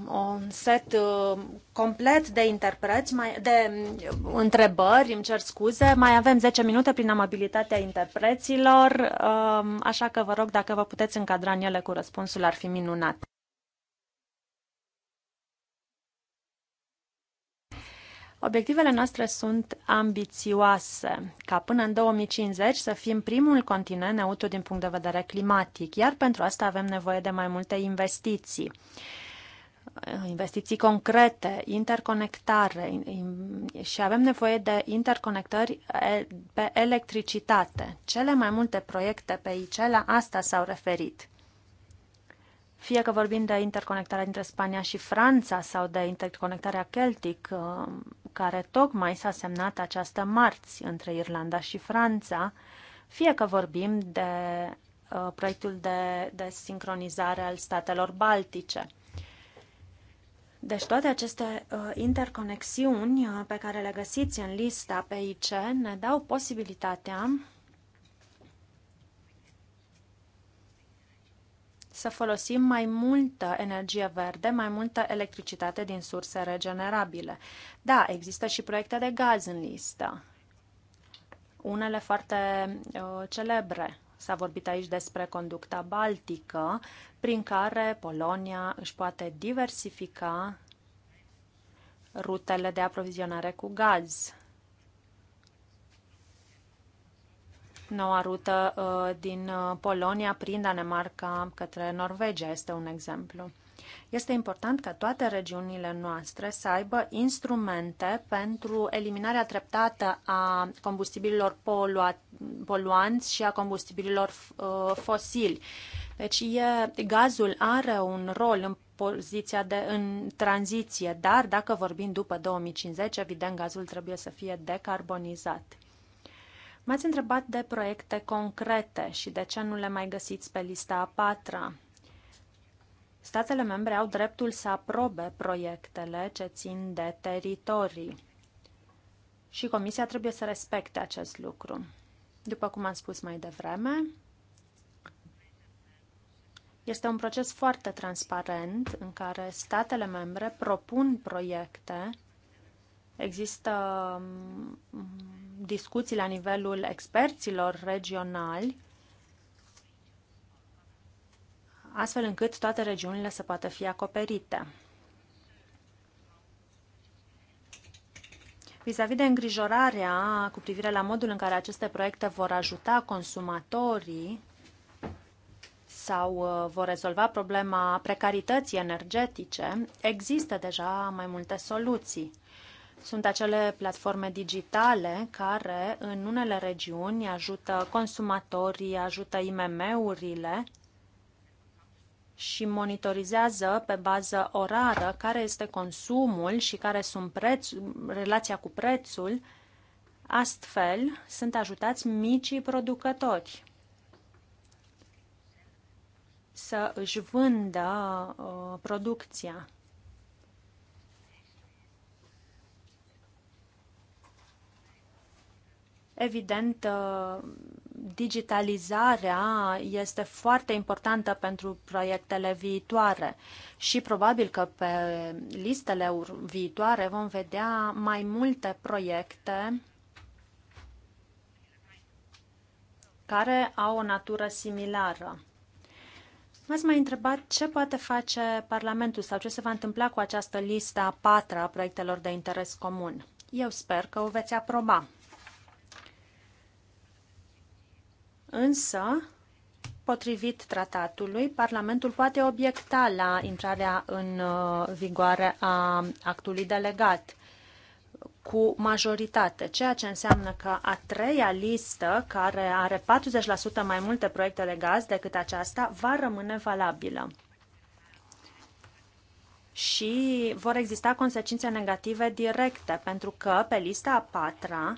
un set uh, complet de interpreți, mai, de uh, întrebări, îmi cer scuze, mai avem 10 minute prin amabilitatea interpreților, uh, așa că vă rog, dacă vă puteți încadra în ele cu răspunsul, ar fi minunat. Obiectivele noastre sunt ambițioase, ca până în 2050 să fim primul continent neutru din punct de vedere climatic, iar pentru asta avem nevoie de mai multe investiții. Investiții concrete, interconectare și avem nevoie de interconectări pe electricitate. Cele mai multe proiecte pe aici la asta s-au referit fie că vorbim de interconectarea dintre Spania și Franța sau de interconectarea Celtic, um, care tocmai s-a semnat această marți între Irlanda și Franța, fie că vorbim de uh, proiectul de, de sincronizare al statelor baltice. Deci toate aceste uh, interconexiuni uh, pe care le găsiți în lista PIC ne dau posibilitatea să folosim mai multă energie verde, mai multă electricitate din surse regenerabile. Da, există și proiecte de gaz în listă, unele foarte uh, celebre. S-a vorbit aici despre conducta baltică, prin care Polonia își poate diversifica rutele de aprovizionare cu gaz Noua rută uh, din uh, Polonia prin Danemarca către Norvegia este un exemplu. Este important ca toate regiunile noastre să aibă instrumente pentru eliminarea treptată a combustibililor polua- poluanți și a combustibililor uh, fosili. Deci e, gazul are un rol în poziția de în tranziție, dar dacă vorbim după 2050, evident gazul trebuie să fie decarbonizat. M-ați întrebat de proiecte concrete și de ce nu le mai găsiți pe lista a patra. Statele membre au dreptul să aprobe proiectele ce țin de teritorii și Comisia trebuie să respecte acest lucru. După cum am spus mai devreme, este un proces foarte transparent în care statele membre propun proiecte Există mm, discuții la nivelul experților regionali, astfel încât toate regiunile să poată fi acoperite. Vis-a-vis -vis de îngrijorarea cu privire la modul în care aceste proiecte vor ajuta consumatorii sau uh, vor rezolva problema precarității energetice, există deja mai multe soluții sunt acele platforme digitale care în unele regiuni ajută consumatorii, ajută IMM-urile și monitorizează pe bază orară care este consumul și care sunt preț, relația cu prețul. Astfel, sunt ajutați micii producători să își vândă uh, producția. Evident, uh, digitalizarea este foarte importantă pentru proiectele viitoare și probabil că pe listele viitoare vom vedea mai multe proiecte care au o natură similară. M-ați mai întrebat ce poate face Parlamentul sau ce se va întâmpla cu această listă a patra a proiectelor de interes comun. Eu sper că o veți aproba. Însă, potrivit tratatului, Parlamentul poate obiecta la intrarea în uh, vigoare a actului delegat cu majoritate, ceea ce înseamnă că a treia listă, care are 40% mai multe proiecte de gaz decât aceasta, va rămâne valabilă. Și vor exista consecințe negative directe, pentru că pe lista a patra,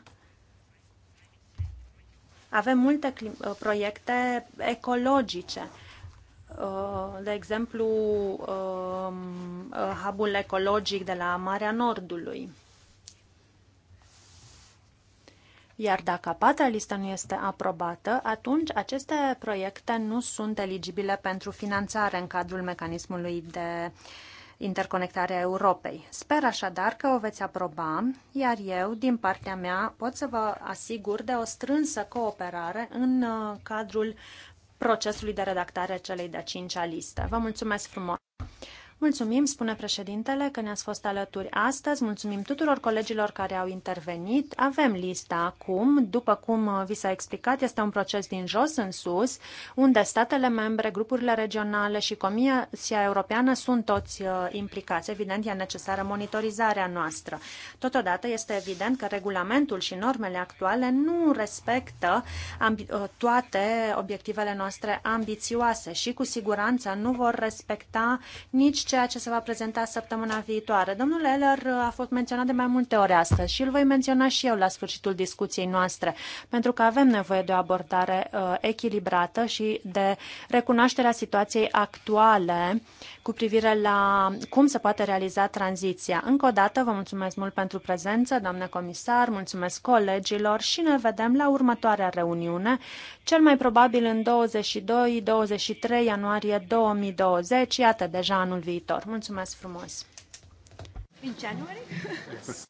avem multe uh, proiecte ecologice. Uh, de exemplu, um, uh, hubul ecologic de la Marea Nordului. Iar dacă a patra listă nu este aprobată, atunci aceste proiecte nu sunt eligibile pentru finanțare în cadrul mecanismului de uh, interconectarea Europei. Sper așadar că o veți aproba, iar eu, din partea mea, pot să vă asigur de o strânsă cooperare în uh, cadrul procesului de redactare celei de-a cincea listă. Vă mulțumesc frumos! Mulțumim, spune președintele, că ne-ați fost alături astăzi. Mulțumim tuturor colegilor care au intervenit. Avem lista acum. După cum vi s-a explicat, este un proces din jos în sus, unde statele membre, grupurile regionale și Comisia Europeană sunt toți uh, implicați. Evident, e necesară monitorizarea noastră. Totodată este evident că regulamentul și normele actuale nu respectă uh, toate obiectivele noastre ambițioase și cu siguranță nu vor respecta nici ceea ce se va prezenta săptămâna viitoare. Domnul Eller a fost menționat de mai multe ori astăzi și îl voi menționa și eu la sfârșitul discuției noastre, pentru că avem nevoie de o abordare uh, echilibrată și de recunoașterea situației actuale uh, cu privire la cum se poate realiza tranziția. Încă o dată vă mulțumesc mult pentru prezență, doamnă comisar, mulțumesc colegilor și ne vedem la următoarea reuniune, cel mai probabil în 22-23 ianuarie 2020, iată deja anul viitor. Mulțumesc frumos! In January? [LAUGHS]